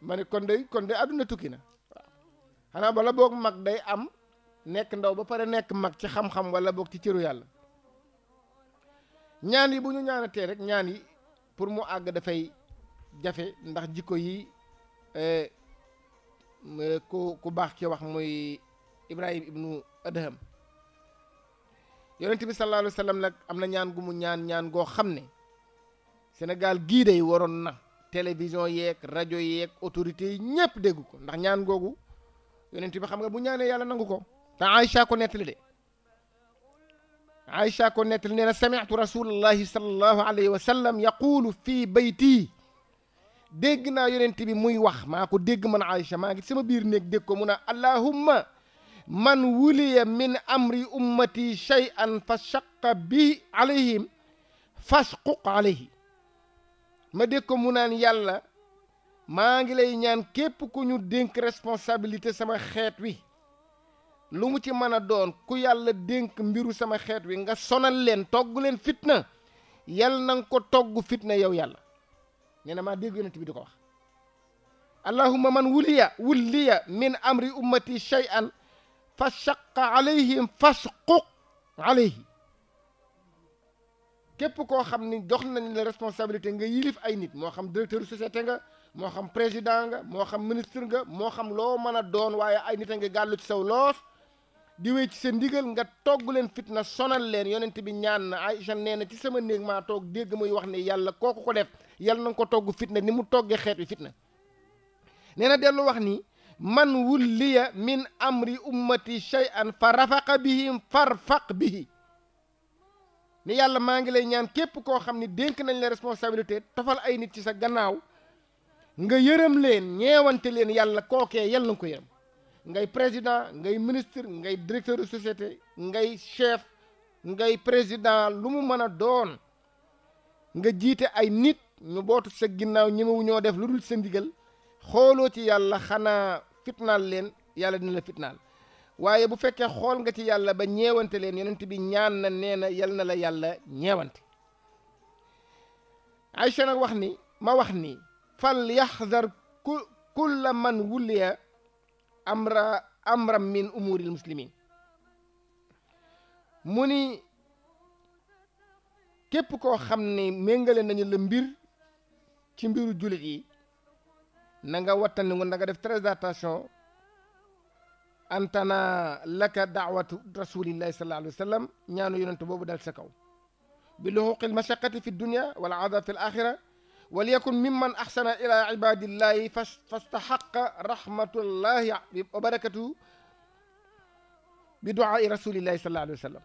ma kon day kon day àdduna tukki na waaw xanaa bala boog mag day am nekk ndaw ba pare nekk mag ci xam-xam wala boog ci cëru yàlla ñaan yi bu ñu ñaanatee rek ñaan yi pour mu àgg dafay jafe ndax jikko yi eh, eh, ku ku baax ki wax muy Ibrahim ibnu Adham yonent bi sallallahu alayhi nag am na ñaan gu mu ñaan ñaan goo xam ne sénégal gii day waroon na télévision yeeg rajo yeeg autorité yi ñëpp dégg ko ndax ñaan googu yonent bi xam nga bu ñaanee yàlla nangu ko te aïcha ko nettali de aïcha ko nettali nee na sami'tu rasulallahi sallallahu alayhi wa sallam yaqulu fi bayti dégg naa yonent bi muy wax maa ko dégg man aïcha maa ngi sama biir néeg dégg ko mu ne allahumma man wuliya min amri ummati shay'an fa shaqqa bi alayhim fashquq alayhi ma dégg ko mu naan yàlla maa ngi lay ñaan képp ku ñu dénk responsabilité sama xeet wi lumu ci mën a doon ku yàlla dénk mbiru sama xeet wi nga sonal leen togg leen fitna yàlla na ko togg fitna yow yàlla nee na maa dégg yonent bi di ko wax allahumma man wuliya wulliya min amri ummati shay'an fa shaqqa alayhim fasquq alayhi képp koo xam ni jox nañ la responsabilité nga yilif ay nit moo xam directeur société nga moo xam président nga moo xam ministre nga moo xam loo mën a doon waaye ay nit a ngi gàllu ci saw loos di wéy ci sa ndigal nga togg leen fitna sonal leen yonent bi ñaan na Aïcha nee na ci sama néeg maa toog dégg muy wax ne yàlla kooku ko def yàlla na nga ko togg fitna ni mu toggee xeet wi fitna nee na dellu wax ni man wulliya min amri ummati shay'an fa rafaqa bihim farfaq bihi ni yàlla maa ngi lay ñaan képp koo xam ni dénk nañ la responsabilité tofal ay nit ci sa gannaaw nga yërëm leen ñeewante leen yàlla kookee yàlla nga ko yërëm ngay président ngay ministre ngay directeur de société ngay chef ngay président lu mu mën a doon nga jiite ay nit ñu bootu sa ginnaaw ñemewu ñoo def lu dul sa ndigal xooloo ci yàlla xanaa fitnaal leen yàlla dina la fitnaal waaye bu fekkee xool nga ci yàlla ba ñeewante leen yonent bi ñaan na nee na yal na la yàlla ñeewante Aïcha nag wax ni ma wax ni fal yaxdar ku kulla man wulliya amra amram min umuril muslimin mu ni képp koo xam ne méngale nañu la mbir ci mbiru jullit yi na nga wattandiku na nga def très attention antana laka daawatu rasulillahi sallallahu alayhi wa sallam ñaanu yonent boobu dal sa kaw bi luxuqi almashaqati fi dunia wal adab fi l axira wal yakun mimman axsana ila ibadillahi fastaxaqa rahmatullahi wa barakatuhu bi duaai rasulillahi sallallahu alayhi wa sallam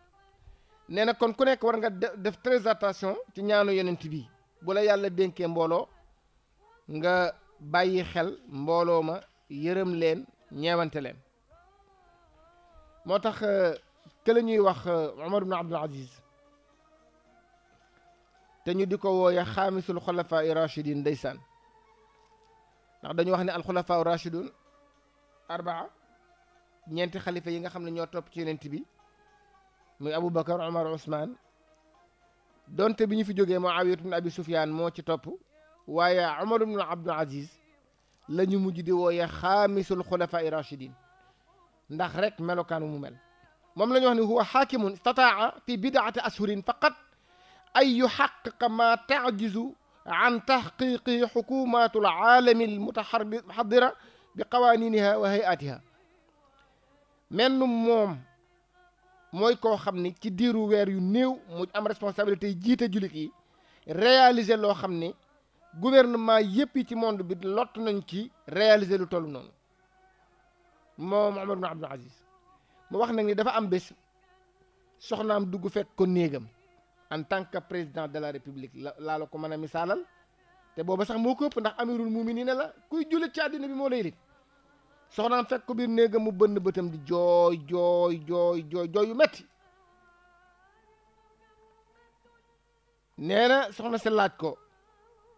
nee na kon ku nekk war nga def très attention ci ñaanu yonent bi bu la yàlla dénkee mbooloo nga bàyyi xel mbooloo ma yërëm leen ñeewante leen moo tax ke la ñuy wax Omar ibn Abdul Aziz te ñu di ko wooye xaamisul xulafaa i rachidin ndeysaan ndax dañu wax ne alxulafaa u rachidun arbaa ñeenti xalifa yi nga xam ne ñoo topp ci yonent bi muy Aboubacar Omar Ousmane donte bi ñu fi jógee Muawiya ibn Abi Sufyaan moo ci topp waaye Omar ibn Abdul Aziz la ñu mujj di wooye xaamisul xulafaa i rachidin ndax rek melokaanu mu mel moom la ñu wax ni huwa xaakimun istataa fi bidaati ashurin faqat ay yuxaqiqa ma tajizu an taxqiqi xukumatu alaalami almutaxadira bi qawaniniha wa hayatiha menn moom mooy koo xam ni ci diiru weer yu néew mu am responsabilité yi jiite jullit yi réaliser loo xam ni gouvernement yépp yi ci monde bi lott nañ ci réaliser lu toll noonu moom Omar ibn Abdul Aziz mu wax nag ni dafa am bés soxnaam dugg fekk ko néegam en tant que président de la république la laa ko mën a misaalal te booba sax moo ko ëpp ndax amirul ne la kuy jullit ci àddina bi moo lay lit soxnaam fekk ko biir néegam mu bënn bëtam di jooy jooy jooy jooy yu metti nee na soxna sa laaj ko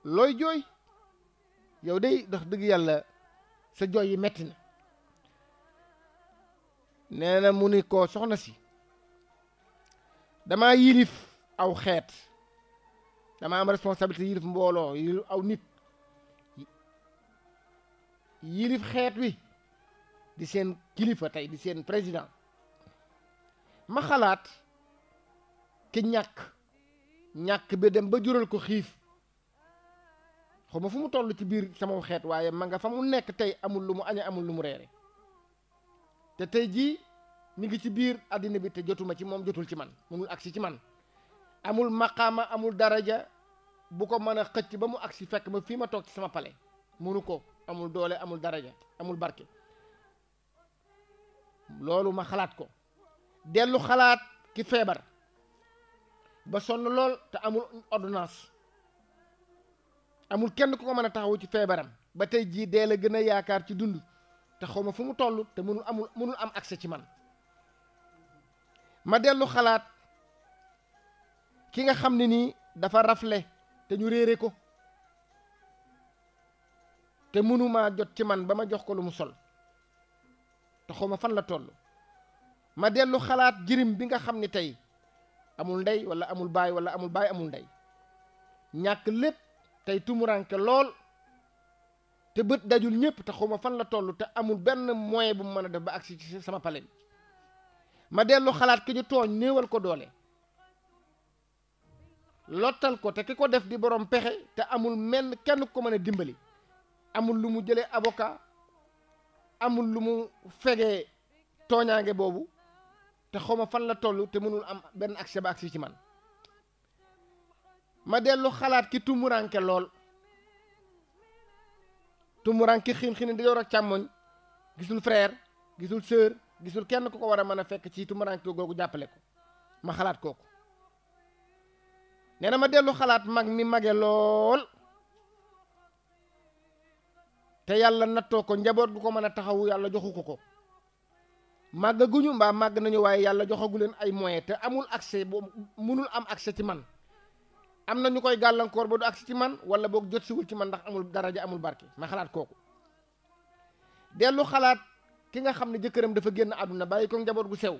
looy jooy yow day ndax dëgg yàlla sa jooy yi metti na nee na mu ni ko soxna si dama yilif aw xeet dama am responsabilité yilif mbooloo yilif aw nit yilif xeet wi di seen kilifa tey di seen président ma xalaat ki ñàkk ñàkk bi dem ba jural ko xiif xaw ma fu mu toll ci biir sama xeet waaye ma nga fa mu nekk tey amul lu mu aña amul lu mu reere te tey jii mi ngi ci biir àddina bi te jotuma ci moom jotul ci man mënul agsi ci man amul maqaama amul daraja bu ko mën a xëcc ba mu agsi fekk ma fii ma toog ci sama pale mënu ko amul doole amul daraja amul barke loolu ma xalaat ko dellu xalaat ki feebar ba sonn lool te amul ordinance amul kenn ku ko mën a taxawu ci feebaram ba tey jii dee la gën a yaakaar ci dund te xawma fu mu toll te mënul amul mënul am accès ci man ma dellu xalaat ki nga xam ne nii dafa rafle te ñu réere ko te mënumaa jot ci man ba ma jox ko lu mu sol te xawma fan la toll ma dellu xalaat jirim bi nga xam ni tey amul ndey wala amul baay wala amul baay amul ndey ñàkk lépp tey tumuranke lool te bët dajul ñëpp te ma fan la toll te amul benn moyen bu mu mën a def ba agsi ci sama pale bi ma dellu xalaat ki ñu tooñ néewal ko doole lottal ko te ki ko def di borom pexe te amul menn kenn ku ko mën a dimbali amul lu mu jëlee aboka amul lu mu fegee tooñaange boobu te xaw ma fan la toll te mënul am benn accès ba agsi ci man ma dellu xalaat ki tumuranke lool tumuranke xiin xiin di ak càmmoñ gisul frère gisul sœur gisul kenn ku ko war a mën a fekk ci tumuranke googu jàppale ko ma xalaat kooku nee ma dellu xalaat mag mi mage lool te yàlla nattoo ko njaboot gu ko mën a taxawu yàlla joxu ko ko màggaguñu mbaa màgg nañu waaye yàlla joxagu leen ay moyens te amul accès bu mënul am accès ci man am na ñu koy gàllankoor ba du agsi ci man wala boog jot siwul ci man ndax amul daraja amul barke ma xalaat kooku dellu xalaat ki nga xam ne jëkkëram dafa génn àdduna bàyyi ko njaboot gu sew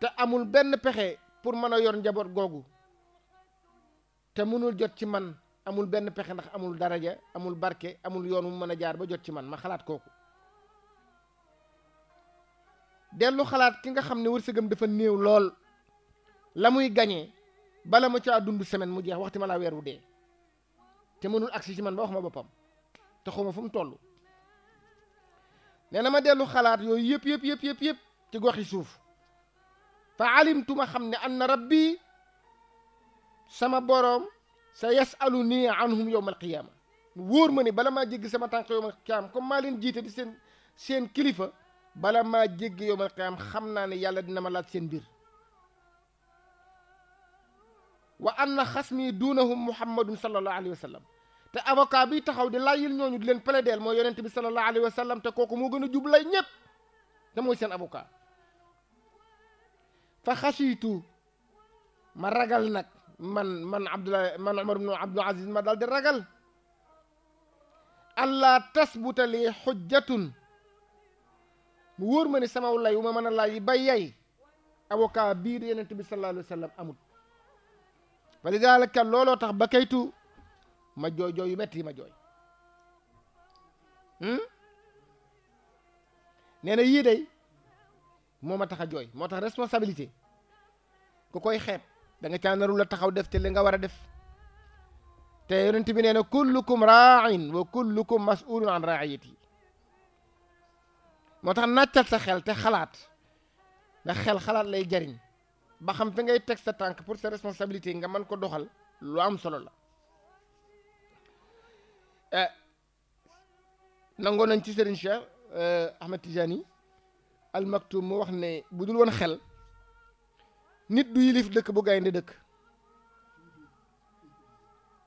te amul benn pexe pour mën a yor njaboot googu te mënul jot ci man amul benn pexe ndax amul daraja amul barke amul yoon mu mën a jaar ba jot ci man ma xalaat kooku dellu xalaat ki nga xam ne wërsëgam dafa néew lool la muy gañe bala ma caa dund semaine mu jeex waxti ma laa weer wu dee te mënul agsi ci man ba wax ma boppam te fu mu toll nee na ma dellu xalaat yooyu yëpp yëpp yëpp yëpp yëpp ci goxi suuf fa alimtu ma xam ne anna rabbi sama boroom sa yasalu nii anhum yowma alqiyaama wóor ma ni bala maa jéggi sama tànk yowma alqiyaama comme maa leen jiite di seen seen kilifa bala maa jéggi yowma alqiyaama xam naa ne yàlla dina ma laaj seen mbir wa anna xasmi duunahum muhammadun sallallahu alayhi wa sallam te avocat bi taxaw di layyil ñooñu di leen plaider mooy yonent bi sallallahu alayhi wa sallam te kooku moo gën a jublay ñépp te mooy seen avocat fa xasiitu ma ragal nag man man abdullah man umar ibnu abdul aziz ma daal di ragal allah tasbuta li xujjatun mu wóor ma ni samaw lay wu ma mën a laaj yi ba yay avocat biir yonent bi sallallahu alayhi wa amut فلذلك كان لولو تخ بكيتو ما جوي جوي متي ما جوي هم نينا يي داي موما تخا جوي موتا ريسبونسابيلتي كوكوي خيب داغا تيان رولا تخاو ديف تي ليغا ورا ديف تي يونت بي نينا كلكم راع وكلكم مسؤول عن راعيتي موتا ناتال سا خيل تي خلات دا خيل خلات لاي جارين ba xam fi ngay teg sa tànk pour sa responsabilité nga mën ko doxal lu am solo la eh, nangoo nañ ci Serigne Cheikh eh, Ahmed Tidiane Al Maktoum mu wax ne bu dul woon xel nit du yilif dëkk bu gaynde dëkk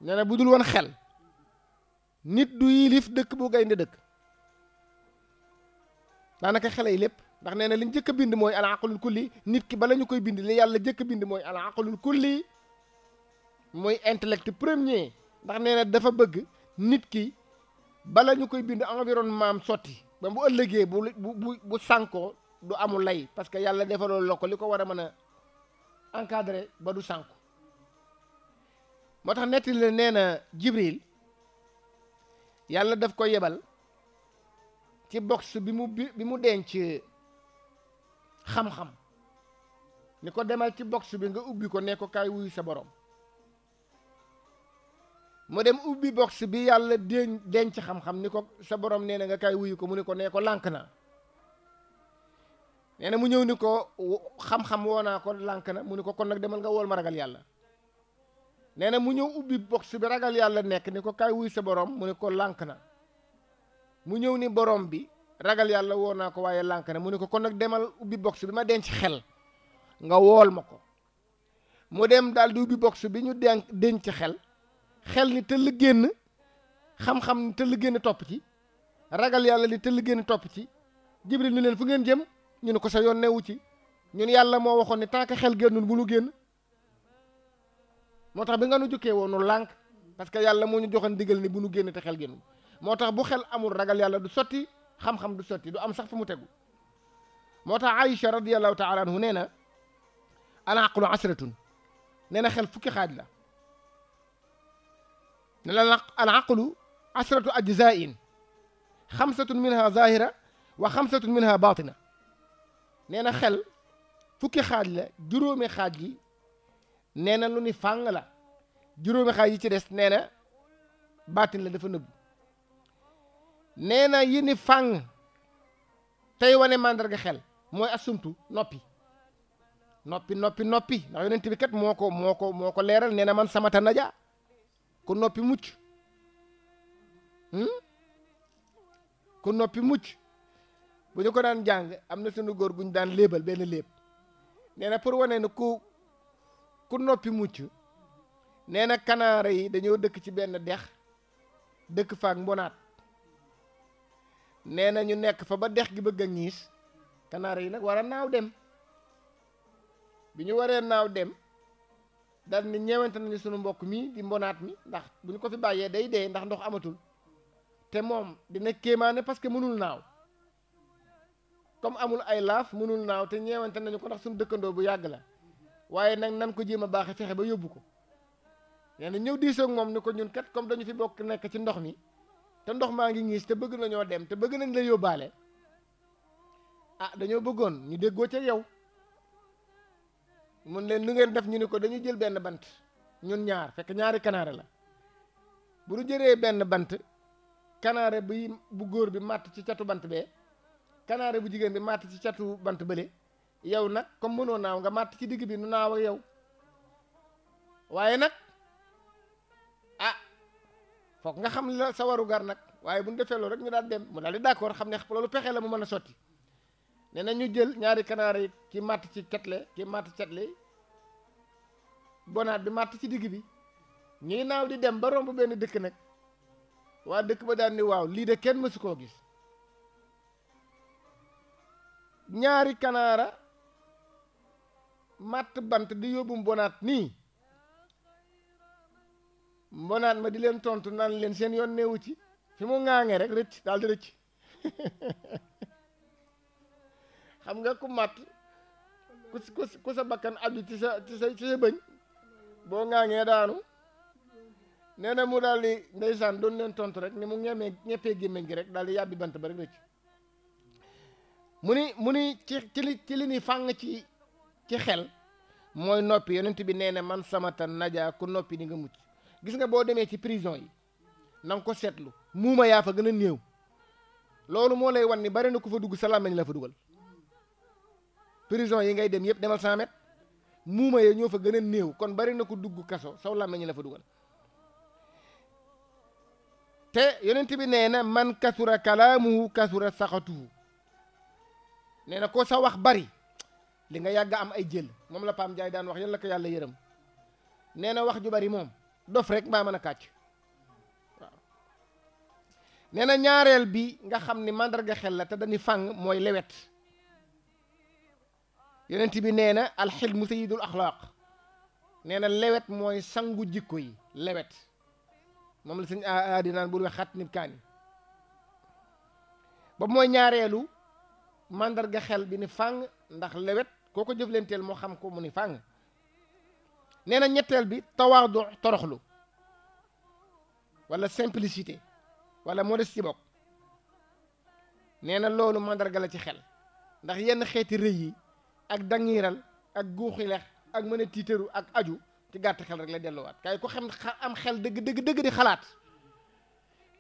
nee na bu dul woon xel nit du yilif dëkk bu gaynde dëkk daanaka xele yi lépp ndax nee na li njëkk a bind mooy al aqlul kulli nit ki bala ñu koy bind li yàlla jëkk a bind mooy al aqlul kulli mooy intellect premier ndax nee na dafa bëgg nit ki bala ñu koy bind environnement am sotti ba bu ëllëgee bu bu bu sànkoo du amul lay parce que yàlla defaloo la ko li ko war a mën a encadré ba du sànku moo tax nettali la nee na Jibril yàlla daf ko yebal ci box bi mu bi mu denc xam-xam ni ko demal ci box bi nga ubbi ko ne ko kaay wuyu sa borom mu dem ubbi box bi yàlla den denc xam-xam ni ko sa boroom nee na nga kaay wuyu ko mu ne ko nee ko lànk na nee na mu ñëw ni ko xam-xam woo naa ko lànk na mu ne ko kon nag demal nga wool ma ragal yàlla nee na mu ñëw ubbi box bi ragal yàlla nekk ni ko kaay wuyu sa boroom mu ne ko lànk na mu ñëw ni borom bi ragal yàlla woo naa ko waaye lànk na mu ne ko kon nag demal ubbi box bi ma denc xel nga wool ma ko mu dem daal di ubbi box bi ñu denc denc xel xel ni tëll génn xam-xam ni tëll génn topp ci ragal yàlla li tëll génn topp ci jibril ni leen fu ngeen jëm ñu ne ko sa yoon newu ci ñun yàlla moo waxoon ni tànk xel génnul bu nu génn moo tax bi nga nu jukkee woonu lànk parce que yàlla moo ñu joxoon digal ni bu nu génn te xel génnul moo tax bu xel amul ragal yàlla xam-xam du sotti du am sax fu mu tegu moo tax Aïcha radiyallahu taala anhu nee na alaqlu asratun nee na xel fukki xaaj la ne la alaqlu asratu ajzain xamsatun minha zahira wa xamsatun minha batina nee na xel fukki xaaj la juróomi xaaj yi nee na lu ni fàng la juróomi xaaj yi ci des nee na baatin la dafa nëbbu nee na yi ni tey wane màndarga xel mooy as asumtu noppi noppi noppi noppi ndax yonent bi kat moo ko moo ko moo ko leeral nee na man samata naja ku noppi mucc hmm? ku noppi mucc bu ñu ko daan jàng am na suñu góor guñ daan léebal benn léeb nee pour wane ne ku ku noppi mucc nee na kanaara yi dañoo dëkk ci benn dex dëkk faak mbonaat nee na ñu nekk fa ba dex gi bëgg a ñiis kanaara yi nag war a naaw dem bi ñu waree naaw dem dal ni ñeewante nañu sunu mbokk mi di mbonaat mi ndax bu ñu ko fi bàyyee day dee ndax ndox amatul te moom dina kéemaane parce que mënul naaw comme amul ay laaf mënul naaw te ñeewante nañu ko ndax suñu dëkkandoo bu yàgg la waaye nag nan ko jéem a baaxe fexe ba yóbbu ko nee na ñëw diisoog moom ni ko ñun kat comme dañu fi bokk nekk ci ndox mi te ndox maa ngi ñiis te bëgg nañoo dem te bëgg nañ la yóbbaale a ah, dañoo bëggoon ñu déggoo ca yow mun leen lu ngeen def ñu ni ko dañuy jël benn bant ñun ñaar fekk ñaari kanaare la bu ñu jëree benn bant kanaare bi bu góor bi màtt ci catu bant bee kanaare bu jigéen bi màtt ci catu bant bële yow nag comme mënoo naaw nga màtt ci digg bi nu naaw ak yow waaye nag foog nga xam la sawaru waru gar nag waaye bu ñu defee loolu rek ñu daal dem mu daal di d'accord xam ne loolu pexe la mu mën a sotti nee na ñu jël ñaari kanaara yi ci màtt ci catle ki màtt catle bonaat bi màtt ci digg bi ñuy naaw di dem ba romb benn dëkk nag waa dëkk ba daan ni waaw lii de kenn mësu koo gis ñaari kanaara màtt bant di yóbbum bonaat nii mbonaat ma di leen tontu naan leen seen yoon neewu ci fi mu ŋaaŋee rek rëcc daal di rëcc xam nga ku màtt ku ku ku sa bakkan addu ci sa ci sa ci sa bëñ boo ŋaaŋee daanu nee na mu daal di ndeysaan doon leen tontu rek ni mu ñemee ñeppee gémmiñ gi rek daal di yàbbi bant ba rek rëcc mu ni mu ni ci ci li ci li ni fàng ci ci xel mooy noppi yonent bi nee na man tan najaa ku noppi di nga mucc gis nga boo demee ci prison yi na ko seetlu muuma yaa fa gën a néew loolu moo lay wan ni bari na ku fa dugg sa làmmiñ la fa dugal prison yi ngay dem yëpp demal 100 mètres muuma ya ñoo fa gën a néew kon bari na ko dugg kaso saw làmmiñ la fa dugal te yonent bi nee na man kasura kalaamuhu kasura saxatuhu nee na ko sa wax bari li nga yàgg am ay jël moom la Pam Ndiaye daan wax yàlla ko yàlla yërëm nee na wax ju bari moom dof rek mbaa mën a kàcc waaw na ñaareel bi nga xam ni màndarga xel la te dañuy fàng mooy lewet yonent bi nee na alxilmu sayidul axlaaq nee na lewet mooy sangu jikko yi lewet moom la sëñ aadi naan bul wexat nit kaani ba mooy ñaareelu màndarga xel bi ni fàng ndax lewet koo ko jëflenteel moo xam ko mu ni fàng nee na ñetteel bi tawaadu toroxlu wala simplicité wala modestie bokk nee na loolu mandarga la ci xel ndax yenn xeeti rëy yi ak dangiiral ak guuxilex ak mën a tiitaru ak aju ci gàtt xel rek la delluwaat kay ku xam am xel dëgg dëgg dëgg di xalaat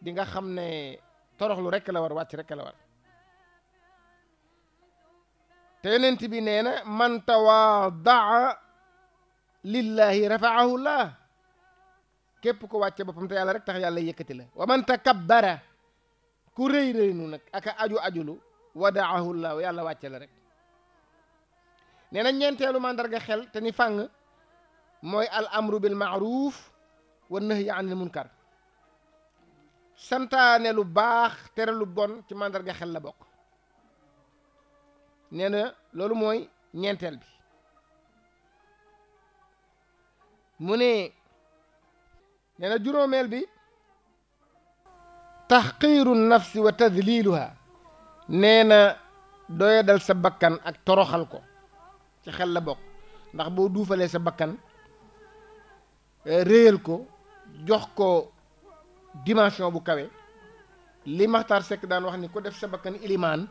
di nga xam ne toroxlu rek la war wàcc rek la war te yonent bi nee na man tawaadaa lillaahi la képp ko wàcce boppam te yàlla rek tax yàlla yëkkati la wa man takabbara ku rëy rëynu nag aka aju ajulu wadaahullah yàlla wàcce la rek nee na ñeenteelu màndarga xel te ni fàng mooy al amru bil maaruf wa nahyi anil munkar santaane lu baax tere lu bon ci màndarga xel la bokk nee na loolu mooy ñeenteel bi mu ne nee juróomeel bi taxqiiru nafsi wa tadliluha nee na doyadal sa bakkan ak toroxal ko ci xel la bokk ndax boo duufalee sa bakkan eh, réyal ko jox ko dimension bu kawe li maxtar Sekk daan wax ni ku def sa bakkan ilimaan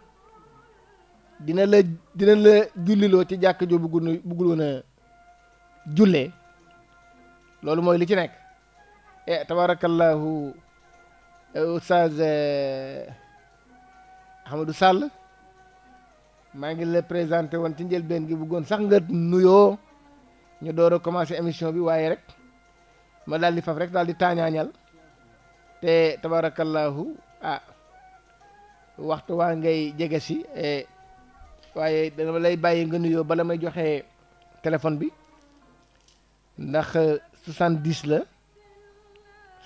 dina la dina la julliloo ci jàkk joo buggul buggul woon jullee loolu mooy li ci nekk e eh, tabarakallahu eh, oustaz eh, Ahmadou sàll maa ngi la présenté woon ci njëlbeen gi bëggoon sax nga nuyoo ñu door a commencé émission bi waaye rek ma daal di faf rek daal di taañaañal te tabarakallahu ah waxtu waa ngay jege si waaye dama lay bàyyi nga nuyoo bala may joxe téléphone bi ndax 70 le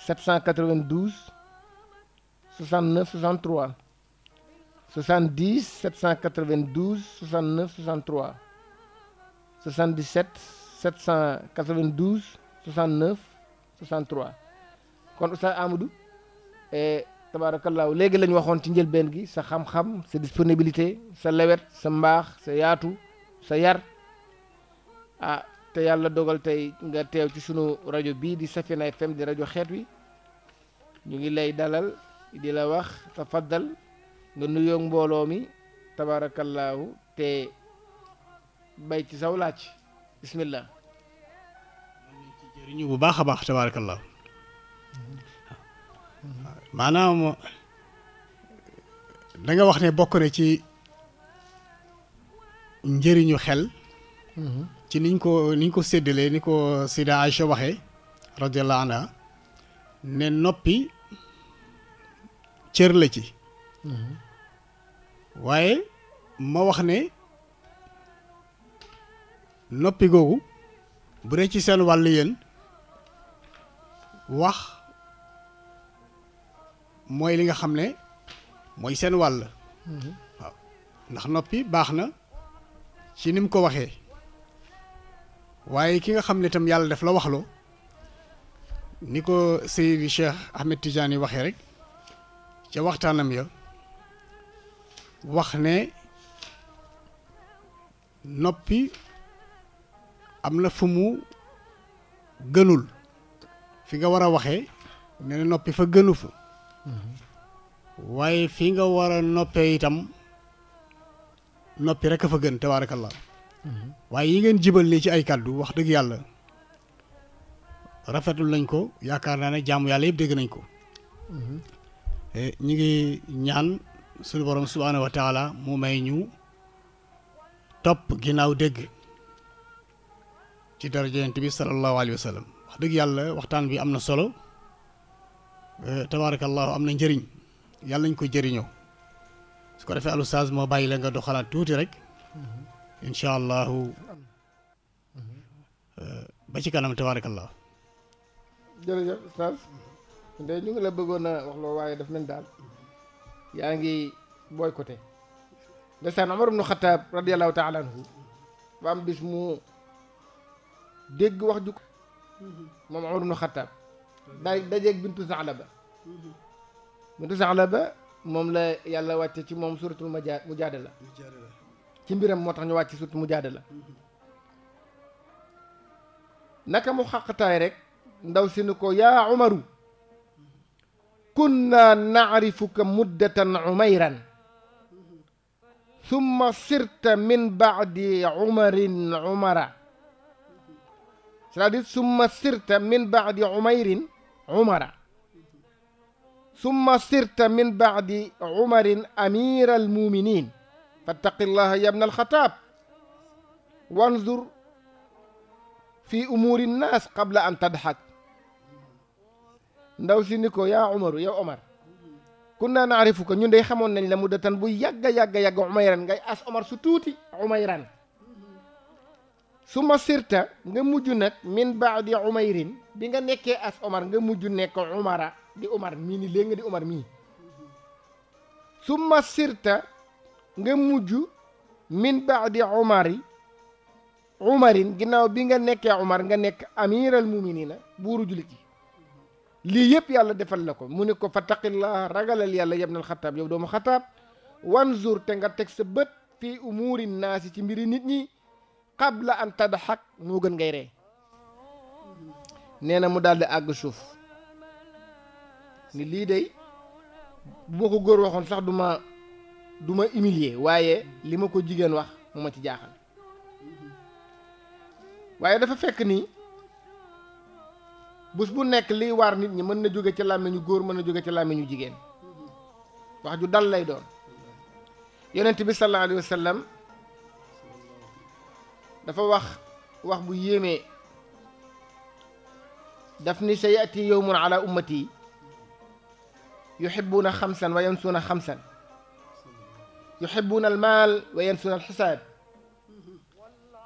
792 69 63 70 792 69 63 77 792 69 63 kon à Amadou la lañ waxone ci gi sa xam-xam sa disponibilité sa lewet sa mbax sa yar ah, te yàlla dogal tey nga teew ci sunu rajo bii di Safina FM di rajo xeet wi ñu ngi lay dalal di la wax tafaddal nga nuyoo mbooloo mi tabaarakallaahu te bay ci saw laaj
bismillah bu baax a baax tabaarakallaahu maanaam da wax ne bokk na ci njëriñu xel mm-hmm. ci niñ ko niñ ko séddalee ni ko Sida Aïcha waxee radiyallahu anha ne noppi cër la ci waaye ma wax ne noppi googu bu dee ci seen wàll yéen wax mooy li nga xam ne mooy seen wàll waaw ndax noppi baax na ci nim ko waxee waaye ki nga xam ne itam yàlla def la wax waxloo ni ko Seydi Cheikh Ahmed Tidiane waxee rek ca waxtaanam ya wax ne noppi am na fu mu gënul fi nga war a waxee ne na noppi fa gënu fa mm-hmm. waaye fi nga war a noppee itam noppi rek a fa gën tabaarakallaa waaye yi ngeen jibal nii ci ay kàddu wax dëgg yàlla rafetul nañ ko yaakaar naa ne jaamu yàlla yëpp dégg nañ ko. Mhm. Eh, ñu ngi ñaan suñu borom subhaanahu wa taala mu may ñu topp ginnaaw dégg ci daraja Yonent bi sallallahu alayhi wa wax dëgg yàlla waxtaan bi am na solo eh, tabaarakallahu am na njëriñ yàlla nañ ko jëriñoo su ko defee alustaas moo bàyyi la nga xalaat tuuti rek. Mhm. ان شاء الله باش كلام تبارك الله
جلال استاذ ندي نيغ لا بغونا واخلو واي داف نين دال ياغي بويكوتي ده سان عمر بن الخطاب رضي الله تعالى عنه بام بيس مو دغ واخ جوك مام عمر بن الخطاب داي داجيك بنت ثعلبه بنت ثعلبه موم لا يالا واتي تي موم سوره المجادله المجادله ci mbiram moo tax ñu wàcc surtout mu jaade la naka mu xaqtaay rek ndaw si ni ko yaa umaru kunna naarifuka muddatan umayran summa sirta min baadi umarin umara c'est-à-dire summa sirta min baadi umayrin umara summa sirta min baadi umarin amira almuminin fattaqillaha yabna alxataab wanzur fi umuuri naas qabla an tadxak ndaw si ni ko yaa umaru yow omar kunna naarifu ko ñun day xamoon nañ la mu datan bu yàgga yàgga yàgg umayran ngay as omar su tuuti umayran su ma nga mujj nag min baadi umayrin bi nga nekkee as omar nga mujj nekk umara di omar mii ni di omar mii su ma nga mujj min di umari umarin ginnaaw bi nga nekkee umar nga nekk amiral muminina buuru jullit yi lii yëpp yàlla defal la ko mu ne ko fattaqillah ragalal yàlla yabnal xataab yow doomu xataab wanzur te nga teg sa bët fii umuuri naasi ci mbiri nit ñi qabla an tadxak moo gën ngay ree nee na mu daal di àgg suuf ni lii day bu ma ko góor waxoon sax duma duma humilier waaye li ma ko jigéen wax mu ma ci jaaxal waaye dafa fekk ni bus bu nekk li war nit ñi mën na jóge ci làmmiñu góor mën na jóge ci làmmiñu jigéen wax ju dal lay doon yonent bi sallallahu alayhi wasallam dafa wax wax bu yéemee daf ni sa yati yowmun ala ummati yuhibbuna xamsan wa yansuna xamsan يحبون المال وينسون الحساب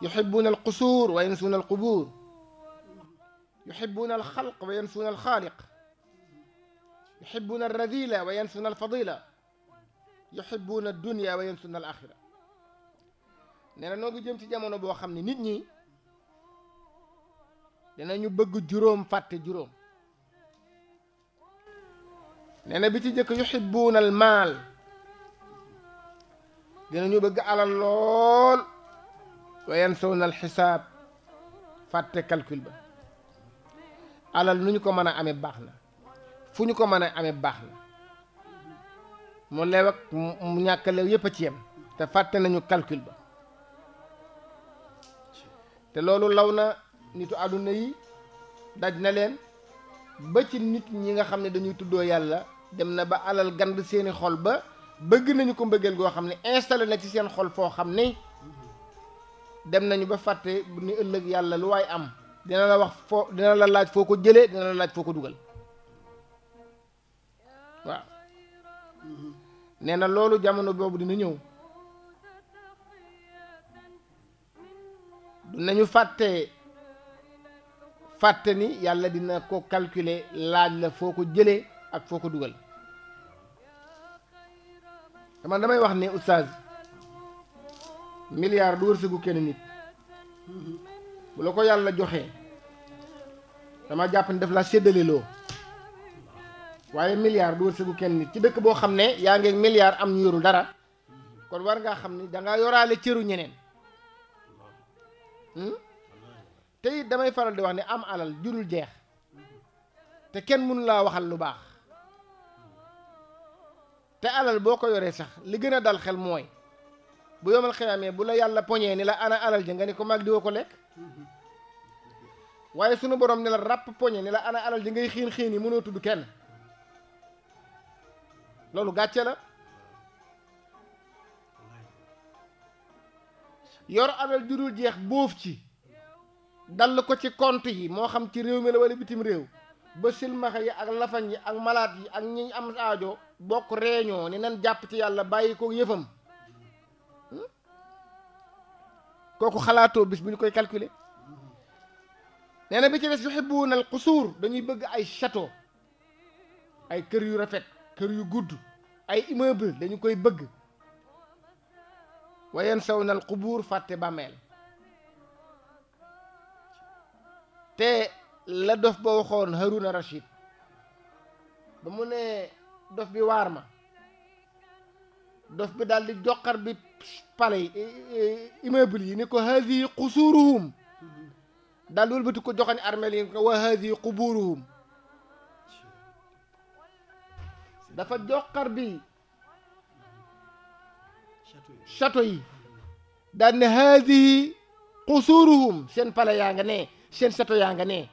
يحبون القصور وينسون القبور يحبون الخلق وينسون الخالق يحبون الرذيلة وينسون الفضيلة يحبون الدنيا وينسون الآخرة nee na noo ngi jëm ci jamono boo xam ne nit ñi dinañu bëgg juróom fàtte dinañu bëgg alal lool wa yansawna alxisaab fàtte calcul ba alal nu ñu ko mën a amee baax na fu ñu ko mën a amee baax na mu leew ak mu ñàkk yépp a ci yem te fàtte nañu calcul ba te loolu law na nitu àdduna yi daj na leen ba ci nit ñi nga xam ne dañuy tuddoo yàlla dem na ba alal gand seeni xol ba bëgg nañu ko mbëggeel goo xam ne installé na ci seen xol foo xam ne dem nañu ba fàtte ni ëllëg yàlla lu waay am dina la wax foo dina la laaj foo ko jëlee dina la laaj foo ko dugal waaw nee na loolu jamono boobu dina ñëw nañu fàtte fàtte ni yàlla dina ko calculer laaj la foo ko jëlee ak foo ko dugal dama damay wax ne oustaz milliard du wërsëgu kenn nit bu la ko yàlla joxee dama jàpp ni daf la séddale waaye milliard du wërsëgu kenn nit ci dëkk boo xam ne yaa ngi milliard am ñu yoru dara kon war ngaa xam ni danga yoraale cëru ñeneen hmm? te it damay faral di wax ne am alal jurul jeex te kenn mënu laa waxal lu baax te alal boo ko yoree sax li gën a dal xel mooy bu yomal xiyaamee bu la yàlla poñee ni la ana alal ji nga ni ko mag di woo ko lekk waaye sunu borom ni la ràpp poñe ni la ana alal ji ngay xiin xiin yi mënoo tudd kenn loolu gàcce la yor alal ju dul jeex bóof ci dal ko ci compte yi moo xam ci réew mi la wala bitim réew ba yi ak lafañ yi ak malaat yi ak ñi am aajo bokk réunion ni nan jàpp ci yàlla bàyyi ko yëfam hmm? kooku xalaatoo bis bu ñu koy calculer nee na bi ci des yuhibbuuna al qusuur dañuy bëgg ay château ay kër yu rafet kër yu gudd ay immeuble dañu koy bëgg wayen saw na al qubuur fàtte bàmmeel te la dof ba waxoon Haruna Rachid ba mu ne dof bi waar ma dof bi daldi di joxar bi palais yi immeuble yi ni ko haadihi qusuuruhum daal di wëlbati ko joxañ armeel yi ko wa haadihi qubuuruhum dafa joxar bi château yi daal ne haadihi qusuuruhum seen palais yaa nga ne seen château yaa nga ne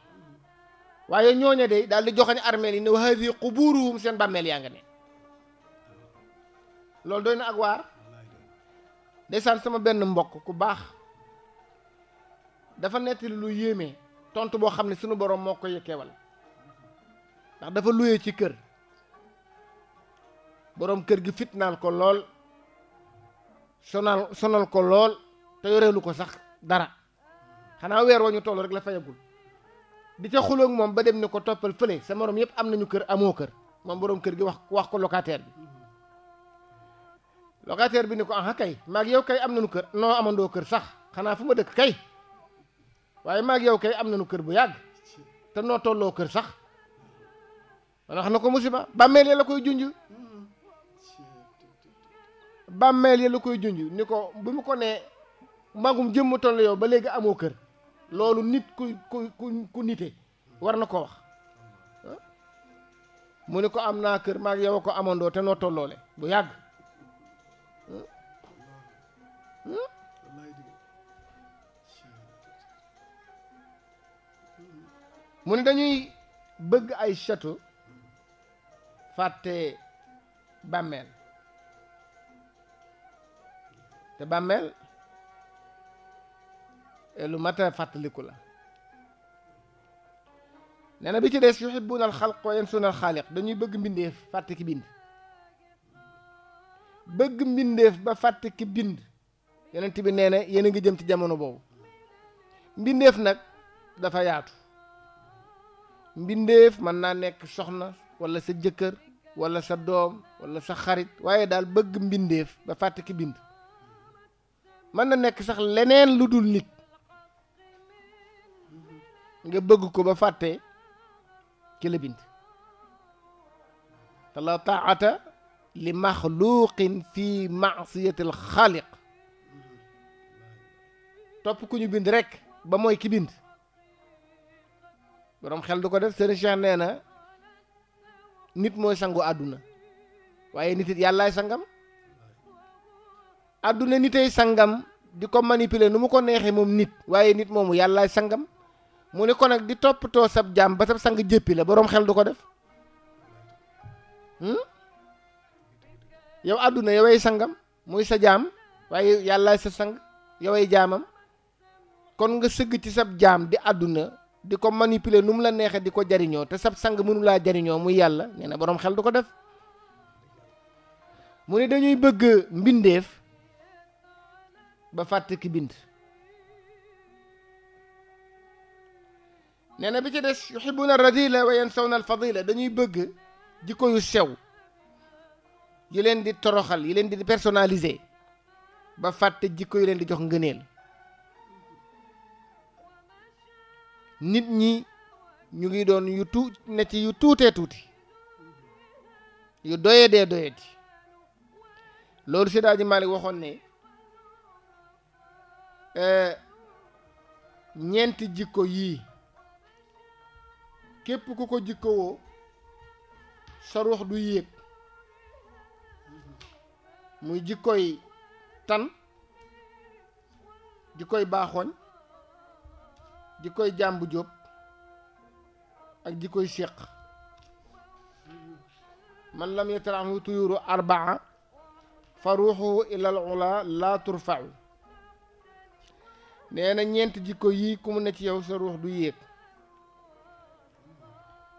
waaye ñooña day daal di joxane armeel yi ne wa haadi quburuhum seen bàmmeel yaa nga ne loolu doy na ak waar ndeysaan sama benn mbokk ku baax dafa nettali lu yéeme tontu boo xam ne sunu boroom moo koy kewal ndax dafa luye ci kër boroom kër gi fitnaal ko lool sonal sonal ko lool te yoreelu ko sax dara xanaa weer wa ñu toll rek la fayagul di ca xuloog moom ba dem ne ko toppal fële sa morom yëpp am nañu kër amoo kër moom boroom kër gi wax wax ko locataire bi locataire bi ni ko ah kay maag yow kay am nañu kër noo amandoo kër sax xanaa fu ma dëkk kay waaye maag yow kay am nañu kër bu yàgg te noo tolloo kër sax man wax na ko musiba bàmmeel ya la koy junj bàmmeel ya la koy junj ni ko bu mu ko nee magum jëmm toll yow ba léegi amoo kër loolu nit ku ku ku nite war na ko wax mu ne ko am naa kër maag yow ko amandoo te noo tolloole bu yàgg mu ne dañuy bëgg ay château fàtte bàmmeel te bàmmeel lu mat a fàttaliku la nee na bi ci des yuhibbuuna alxalq wa yansawna alxaaliq dañuy bëgg mbindeef fàtte ki bind bëgg mbindeef ba fàtte ki bind yonent bi nee na yéen a ngi jëm ci jamono boobu mbindeef nag dafa yaatu mbindeef mën naa nekk soxna walla sa jëkkër walla sa doom walla sa xarit waaye daal bëgg mbindeef ba fàtte ki bind mën na nekk sax leneen lu dul nit nga bëgg ko ba fàtte ki la bind te la taata li maxluqin fi maasiyatil xaaliq topp ku ñu bind rek ba mooy ki bind borom xel du ko def sëriñ Cheikh nee na nit mooy sangu àdduna waaye nit it yàllaay sangam àdduna nitay sangam di ko manipuler nu mu ko neexee moom nit waaye nit moomu yàllaay sangam mu ne kon nag di toppatoo sab jaam ba sab sang jéppi la boroom xel du ko def hmm? yow àdduna yoway sangam muy sa jaam waaye yàlla sa sang yoway jaamam kon nga sëgg ci sab jaam di àdduna di ko manipuler nu mu la neexee di ko jariñoo te sab sang mënulaa jariñoo muy yàlla nee na boroom xel du ko def mu ne dañuy bëgg mbindeef ba fàtte ki bind nee na bi ci des yuhibuuna radila wa yansawna alfadila dañuy bëgg jikko yu sew yu leen di toroxal yi leen di personnaliser ba fàtte jikko yu leen di jox ngëneel nit ñi ñu ngi doon yu tu ne ci yu tuutee tuuti yu doyedee doyeti loolu si daal ji Malick waxoon ne eh, ñeenti jikko yii képp ku ko jikkowoo sa ruux du yéeg muy jikkoy tan jikkoy baaxooñ jikkoy jàmbu jóob ak jikkoy séq man lam yatrahu tuyuru arbaa fa ruuxuhu ilal ula laa turfau nee na ñeenti jikko yii ku mu ne ci yow sa ruux du yéeg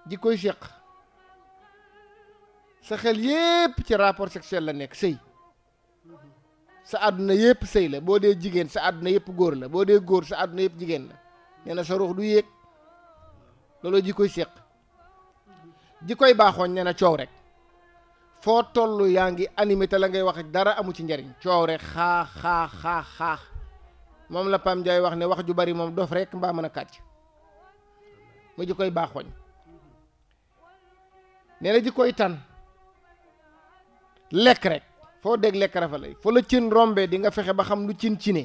di koy séq sa xel yépp ci rapport sexuel la nekk sëy sa aduna yépp sëy la boo dee jigéen sa aduna yépp góor la boo dee góor sa aduna yépp jigéen la nee na sa ruux du yéeg loolu di koy séq di koy baaxooñ nee na rek foo toll yaa ngi animé la ngay wax dara amu ci njariñ coow rek ha ha, xaax xaax moom la Pam Njaay wax ne wax ju bari moom dof rek mbaa mën a kàcc mu di koy nee na ji koy tan lekk rek foo dégg lekk rafa lay foo la cin rombe di nga fexe ba xam lu cin cine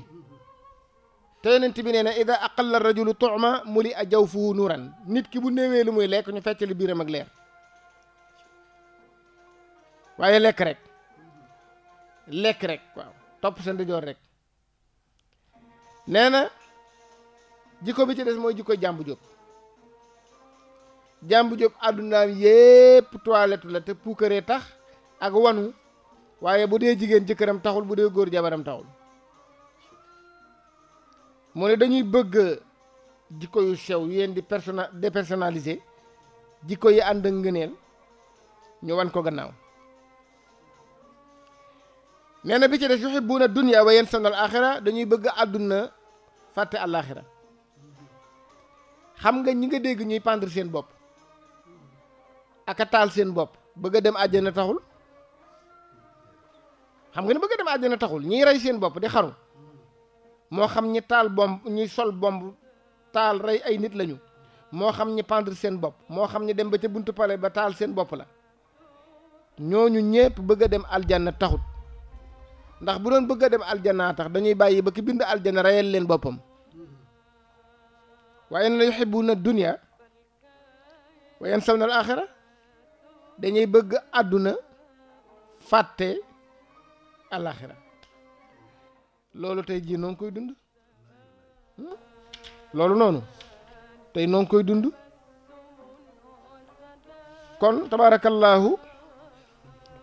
te yonent bi nee na ida aqalla rajulu tuuma muli a jaw fuhu nuran nit ki bu néewee lu muy lekk ñu feccali biiram ak leer waaye lekk rek lekk rek waaw topp sa ndijoor rek nee na jikko bi ci des mooy jikko jàmbu jóg jàmbu jóob àddunaam yépp toilette la te puukaree tax ak wanu waaye bu dee jigéen jëkkëram taxul bu dee góor jabaram taxul mu ne dañuy bëgg jikko yu sew yu leen di persona dépersonnalisé jikko yi ànd ak ngëneel ñu wan ko gannaaw nee na bi ci des yuhibbuuna dunya wa yansawna al-axira dañuy bëgg àdduna fàtte àllaaxira xam nga ñi nga dégg ñuy pendre seen bopp aka taal seen bopp bëgg dem àjjana taxul xam nga ne bëgg a dem àjjana taxul ñiy rey seen bopp di xaru moo xam ñi taal bomb ñi sol bomb taal rey ay nit lañu moo xam ñi pendre seen bopp moo xam ñi dem ba ca buntu pale ba taal seen bopp la ñooñu ñépp bëgg dem aljanna taxut ndax bu doon bëgg a dem aljanna tax dañuy bàyyi ba ki bind aljanna reyal leen boppam waaye na yuhibbuna dunya wa yansawna al dañuy bëgg àdduna fàtte alaxira loolu tey jii noo ngi koy dund hmm? loolu noonu tey noo ngi koy dund kon tabaarakallaahu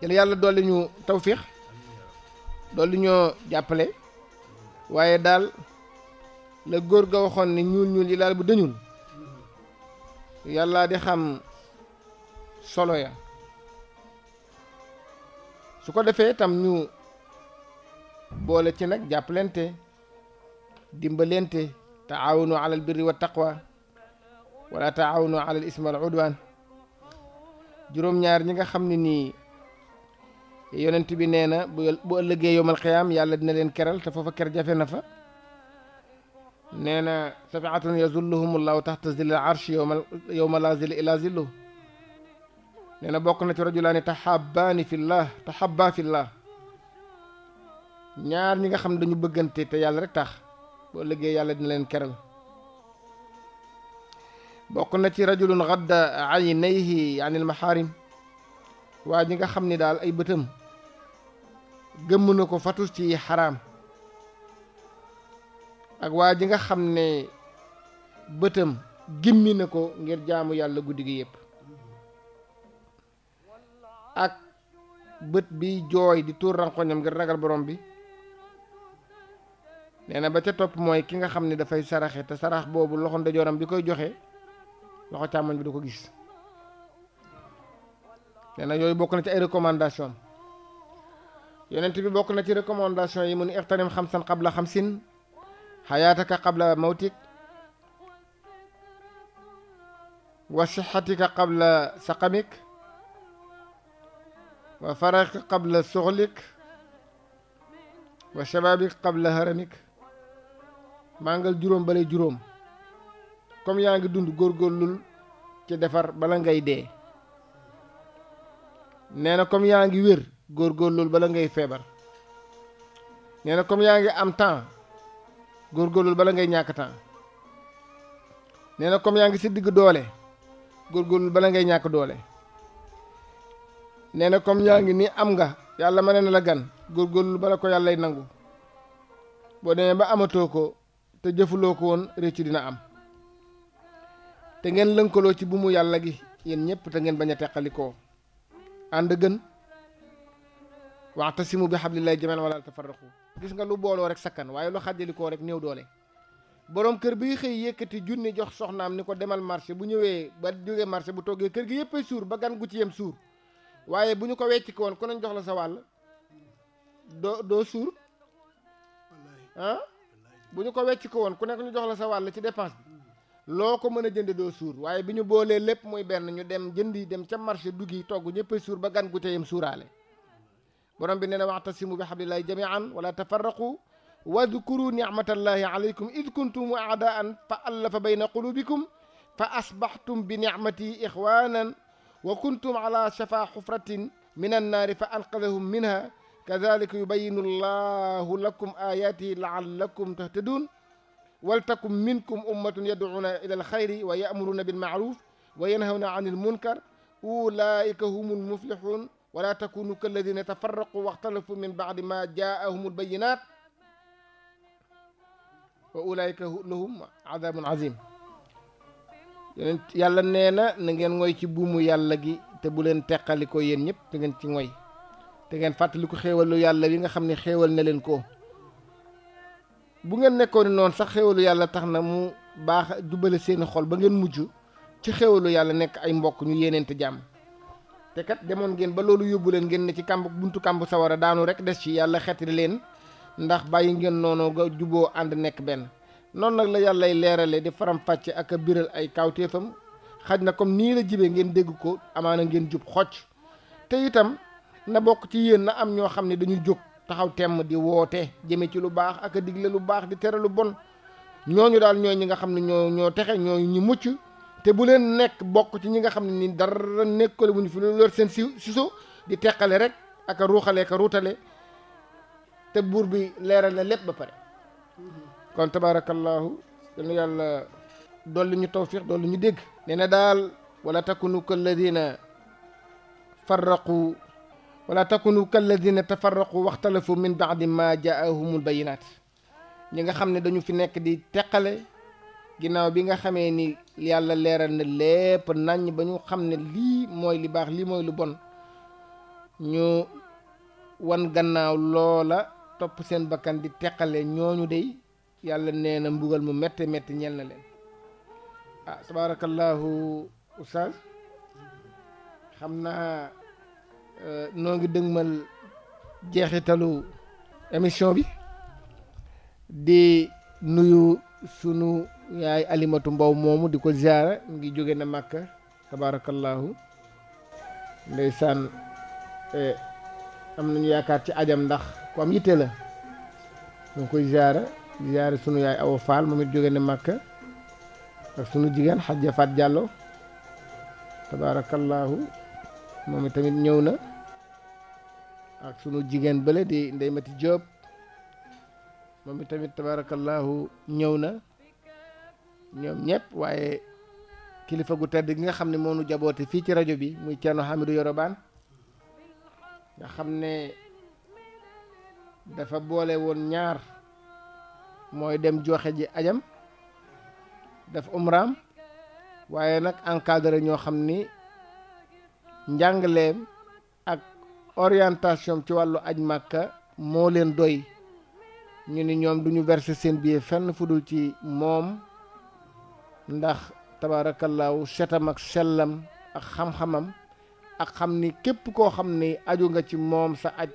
yal yàlla dolli ñu tawfiix dolli ñoo jàppale waaye daal la góor ga waxoon ne ñuul ñuul yi laal bu dëñul yàlla di xam solo ya su ko defee tam ñu boole ci nag jàppalente dimbalente taawunu alal birri wa taqwa wala taawunu alal ismi wal udwan juróom-ñaar ñi nga xam ne nii yonent bi nee na bu ëllëgee yowmal qiyaam yàlla dina leen keral te foofa ker jafe na fa nee na safiatun yazulluhum allahu taxta zillil arsh yowma yowma la zilla ila zilluhu nee na bokk na ci rajulaani taxabbaani fillah taxabba fillah ñaar ñi nga xam dañu bëggante te yàlla rek tax boo liggéey yàlla dina leen keral bokk na ci rajulun gadda aynayhi anil maxaarim waa ji nga xam ni daal ay bëtam gëmm na ko fatus ci xaraam ak waa ji nga xam ne bëtam gimmi na ko ngir jaamu yàlla guddi gi yépp ak bët biy jooy di tuur rankoñam ngir ragal borom bi nee na ba ca topp mooy ki nga xam ni dafay saraxe te sarax boobu loxo ndeyjooram bi koy joxe loxo càmmoñ bi du ko gis nee na yooyu bokk na ci ay recommandation yonent bi bokk na ci recommandation yi mu ni ixtanim xamsan xabla xamsin xayaataka xabla mawtik wa sixatika xabla saqamik wa faraqi qabla suxlik wa xab la haramik màngal juróom bale juróom comme yaa ngi dund góor góorgóorlul ci defar bala ngay dee nee na comme yaa ngi wér góor góorlul bala ngay feebar nee na comme yaa ngi am temps góorgóorlul bala ngay ñàkk temps nee na comme yaa ngi si digg doole góor góorgóorlul bala ngay ñàkk doole nee na comme yaa ngi am nga yalla manena la gan lu balako yalla lay nangu bo demee ba amato ko te jëfuloo won réccu dina am te ngeen lënkaloo ci bumu mu gi yéen ñepp te ngeen baña a and ànd gën waxtasimu bi hablillahi jamii'an wala tafarraqu gis nga lu bolo rek sakkan waye lu xàjjalikoo rek new doole borom kër bi xey yëkkati junni jox soxnaam ni demal marché bu ñëwee ba jógee marché bu toggee kër gi yëppay suur ba gan gu ci yem suur waye buñu ko ñu ko won woon ku nañ jox la sa wal do do sour ah buñu ko wecc ko won ku nekk ñu jox la sa wal ci dépense loko mëna jënd do sour waye biñu bolé lépp muy ben ñu dem jëndi dem ca marché duggi togg ñepp sour ba gan gu teyam suuraale borom bi nee waqtasimu bi hablillahi jamian wala tafarraqu wadkuru nicmatallahi alaykum id kuntum aadaan fa allafa bayna qulubikum فأصبحتم بنعمتي إخوانا وكنتم على شفا حفرة من النار فأنقذهم منها كذلك يبين الله لكم آياته لعلكم تهتدون ولتكن منكم أمة يدعون إلى الخير ويأمرون بالمعروف وينهون عن المنكر أولئك هم المفلحون ولا تكونوا كالذين تفرقوا واختلفوا من بعد ما جاءهم البينات وأولئك لهم عذاب عظيم yàlla nee na na ngeen ngoy ci buumu yàlla gi te bu leen teqali ko yéen ñëpp te ngeen ci ngoy te ngeen fàttali xéewalu yàlla yi nga xam ni xéewal na leen ko bu ngeen nekkoon noonu sax xéewalu yàlla tax na mu baax jubale seeni xol ba ngeen mujj ci xéewalu yàlla nekk ay mbokk ñu yéeneente jàmm te kat demoon ngeen ba loolu yóbbu leen ngeen ne ci kàmb buntu kàmb sawara daanu rek des ci yàlla xeetali leen ndax bàyyi ngeen noonu nga juboo ànd nekk benn noonu nag la yàllay leeralee di faram-fàcce ak biral ay kawtéefam xaj na comme nii la jibee ngeen dégg ko amaana ngeen jub xocc te itam na bokk ci yéen na am ñoo xam ne dañuy jóg taxaw temm di woote jëme ci lu baax ak a digle lu baax di teralu lu bon ñooñu daal ñooy ñi nga xam ne ñoo ñoo texe ñoo ñu mucc te bu leen nekk bokk ci ñi nga xam ne ni dara nekkale wuñu fi lu lor seen si siso di teqale rek ak a ruuxale ak ruutale te buur bi leeral na lépp ba pare kon tabaarakallaahu yal na yàlla dolli ñu tawfiq dolli ñu dégg nee na daal wala takunu kalladina farraqu wala takunu kalladina tafarraqu waxtalafu min baadi ma jaahumul bayinaat ñi nga xam ne dañu fi nekk di teqale ginnaaw bi nga xamee ni yàlla leeral na lépp nañ ba ñu xam ne lii mooy li baax lii mooy lu bon ñu wan gannaaw loola topp seen bakkan di teqale ñooñu dey yàlla nee na mbugal mu métte métti ñel na leen ah tabaarakallaahu oustaz xam naa euh, noo ngi dëgmal jeexitalu émission bi di nuyu sunu yaay alimatu mbaw moomu di ko ziara ngi jóge na màkka tabaarakallaahu ndeysaan eh, am nañu yaakaar ci ajam ndax ku am yitte la ñu koy ziara ziyaare sunu yaay aw Fall moom it jóge ne Màkka ak sunu jigéen Xajja Faat Jàllo tabaarakallaahu moom tamit ñëw na ak sunu jigéen bële di Ndey Mati Jóob moom tamit tabaarakallaahu ñëw na ñoom ñëpp waaye kilifa gu tedd gi nga xam ne moo nu jaboote fii ci rajo bi muy Ceerno Hamidou Yorobaan nga xam ne dafa boole woon ñaar mooy dem joxe ji ajam def umraam waaye nag encadré ñoo xam ni njàngaleem ak orientation ci wàllu aj màkka moo leen doy ñu ni ñoom duñu verser seen billet fenn fu dul ci moom ndax tabaarakallaahu setam ak sellam ak xam-xamam ak xam ni képp koo xam ni aju nga ci moom sa aj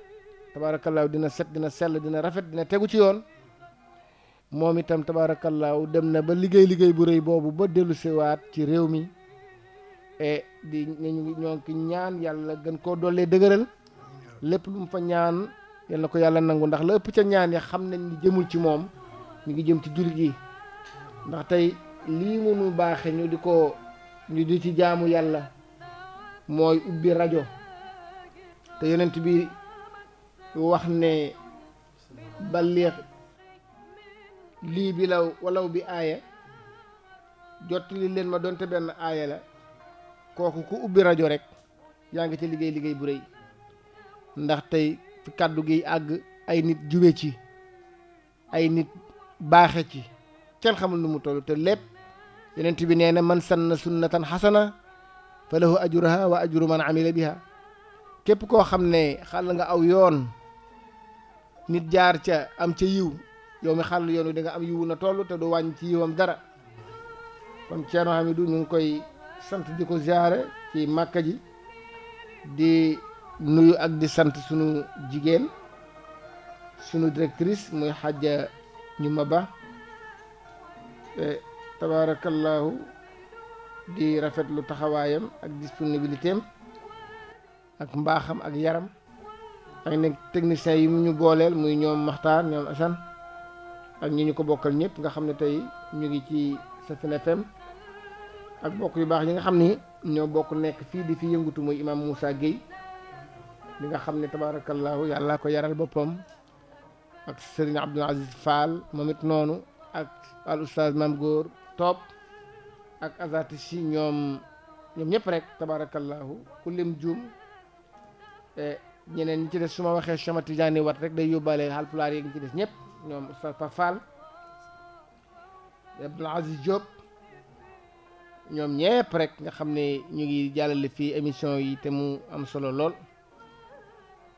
tabaarakallaahu dina set dina sell dina rafet dina tegu ci yoon moom itam tabaarakallaahu dem na ba liggéey liggéey bu rëy boobu ba dellu siwaat ci réew mi e di ñu ñoo ngi ñaan yàlla gën koo dollee dëgëral lépp lu mu fa ñaan yal ko yàlla nangu ndax la ëpp ca ñaan ya xam nañ ni jëmul ci moom ñu ngi jëm ci jullit yi ndax tey lii mënu baaxe ñu di ko ñu di ci jaamu yàlla mooy ubbi rajo te yonent bi wax ne balleex lii bi law walaw bi aaya jottali leen ma doonte benn aaya la kooku ku ubbi rajo rek yaa ngi ci liggéey liggéey bu rëy ndax tey fi kàddu gi àgg ay nit jube ci ay nit baaxe ci kenn xamul nu mu toll te lépp yenent bi nee na man sanna sunnatan xasana fa lahu ajruha wa ajru man amila biha képp koo xam ne xàll nga aw yoon nit jaar ca am ca yiw yow mi xàll yoon wi di nga am yiwu na tollu te du wàññ ci yiwam dara kon Ceerno du ñu ngi koy sant di ko ziare ci màkka ji di nuyu ak di sant sunu jigéen sunu directrice muy xajja ñu ma ba tabaarakallaahu di rafetlu taxawaayam ak disponibilité ak mbaaxam ak yaram ak nekk technicien yi mu ñu booleel muy ñoom Maxtaar ñoom asan ak ñi ñu ko bokkal ñëpp nga xam ne tey ñu ngi ci Safina FM ak bokk yu baax ñi nga xam ni ñoo bokk nekk fii di fi yëngutu muy imam Moussa Guèye li nga xam ne tabaarakallaahu yàlla ko yaral boppam ak Serigne Abdoul Aziz Fall moom it noonu ak al oustaz Mame Góor Top ak azati si ñoom ñoom ñëpp rek tabaarakallaahu ku lim juum ñeneen ñi ci des su ma waxee Chama Tidiane wat rek day yóbbaale Haalpulaar yi ngi ci des ñëpp ñoom Oustaz Pape Fall Abdoul Aziz Diop ñoom ñëpp rek nga xam ne ñu ngi jàllale fii émission yi te mu am solo lool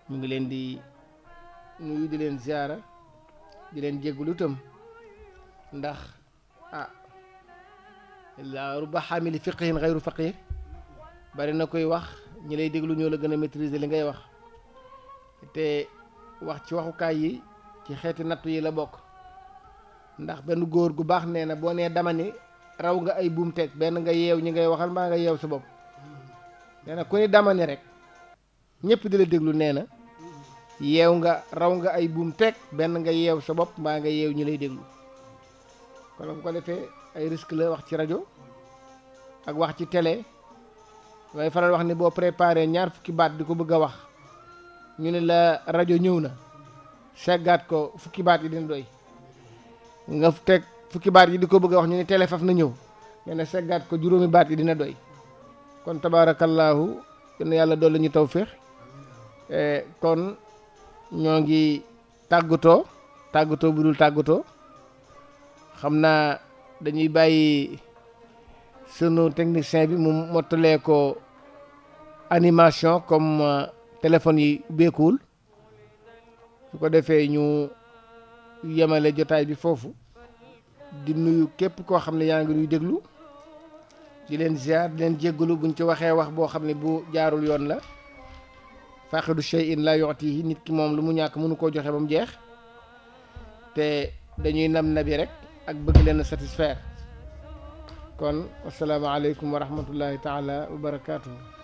ñu ngi leen di nuyu di leen ziara di leen jégalu itam ndax ah la ruba xaamili fiqihin xayru faqih bari na koy wax ñi lay déglu ñoo la gën a maîtriser li ngay wax te wax ci waxukaay yi ci xeeti natt yi la bokk ndax benn góor gu baax nee na boo nee dama ni raw nga ay buum teg benn nga yeew ñi ngay waxal mbaa nga yeew sa bopp nee ku ni dama ni rek ñëpp di la déglu nee na yeew nga raw nga ay buum teg benn nga yeew sa bopp mbaa nga yeew ñi lay déglu kon ko defee ay risque la wax ci rajo ak wax ci télé way faral wax ni boo préparé ñaar fukki baat di ko bëgg wax ñu ne la rajo ñëw na seggaat ko fukki baat yi dina doy nga teg fukki baat yi di ko bëgg a wax ñu ne telefaf na ñëw nee seggaat ko juróomi baat yi dina doy kon tabaarakallaahu dina yàlla dolli ñu tawféex e, kon ñoo ngi tàggatoo tàggatoo bu dul tàggatoo xam naa dañuy bàyyi sunu technicien bi mu mottalee ko animation comme euh, téléphone yi ubbeekuwul su ko defee ñu yemale jotaay bi foofu di nuyu képp koo xam ne yaa ngi nuy déglu di leen ziar di leen jéggalu buñ ci waxee wax boo xam ne bu jaarul yoon la faqidu shay'in la yi nit ki moom lu mu ñàkk mënu koo joxe ba mu jeex te dañuy nam nabi rek ak bëgg leen satisfaire kon asalaamaaleykum wa rahmatullahi taala wa barakaatu.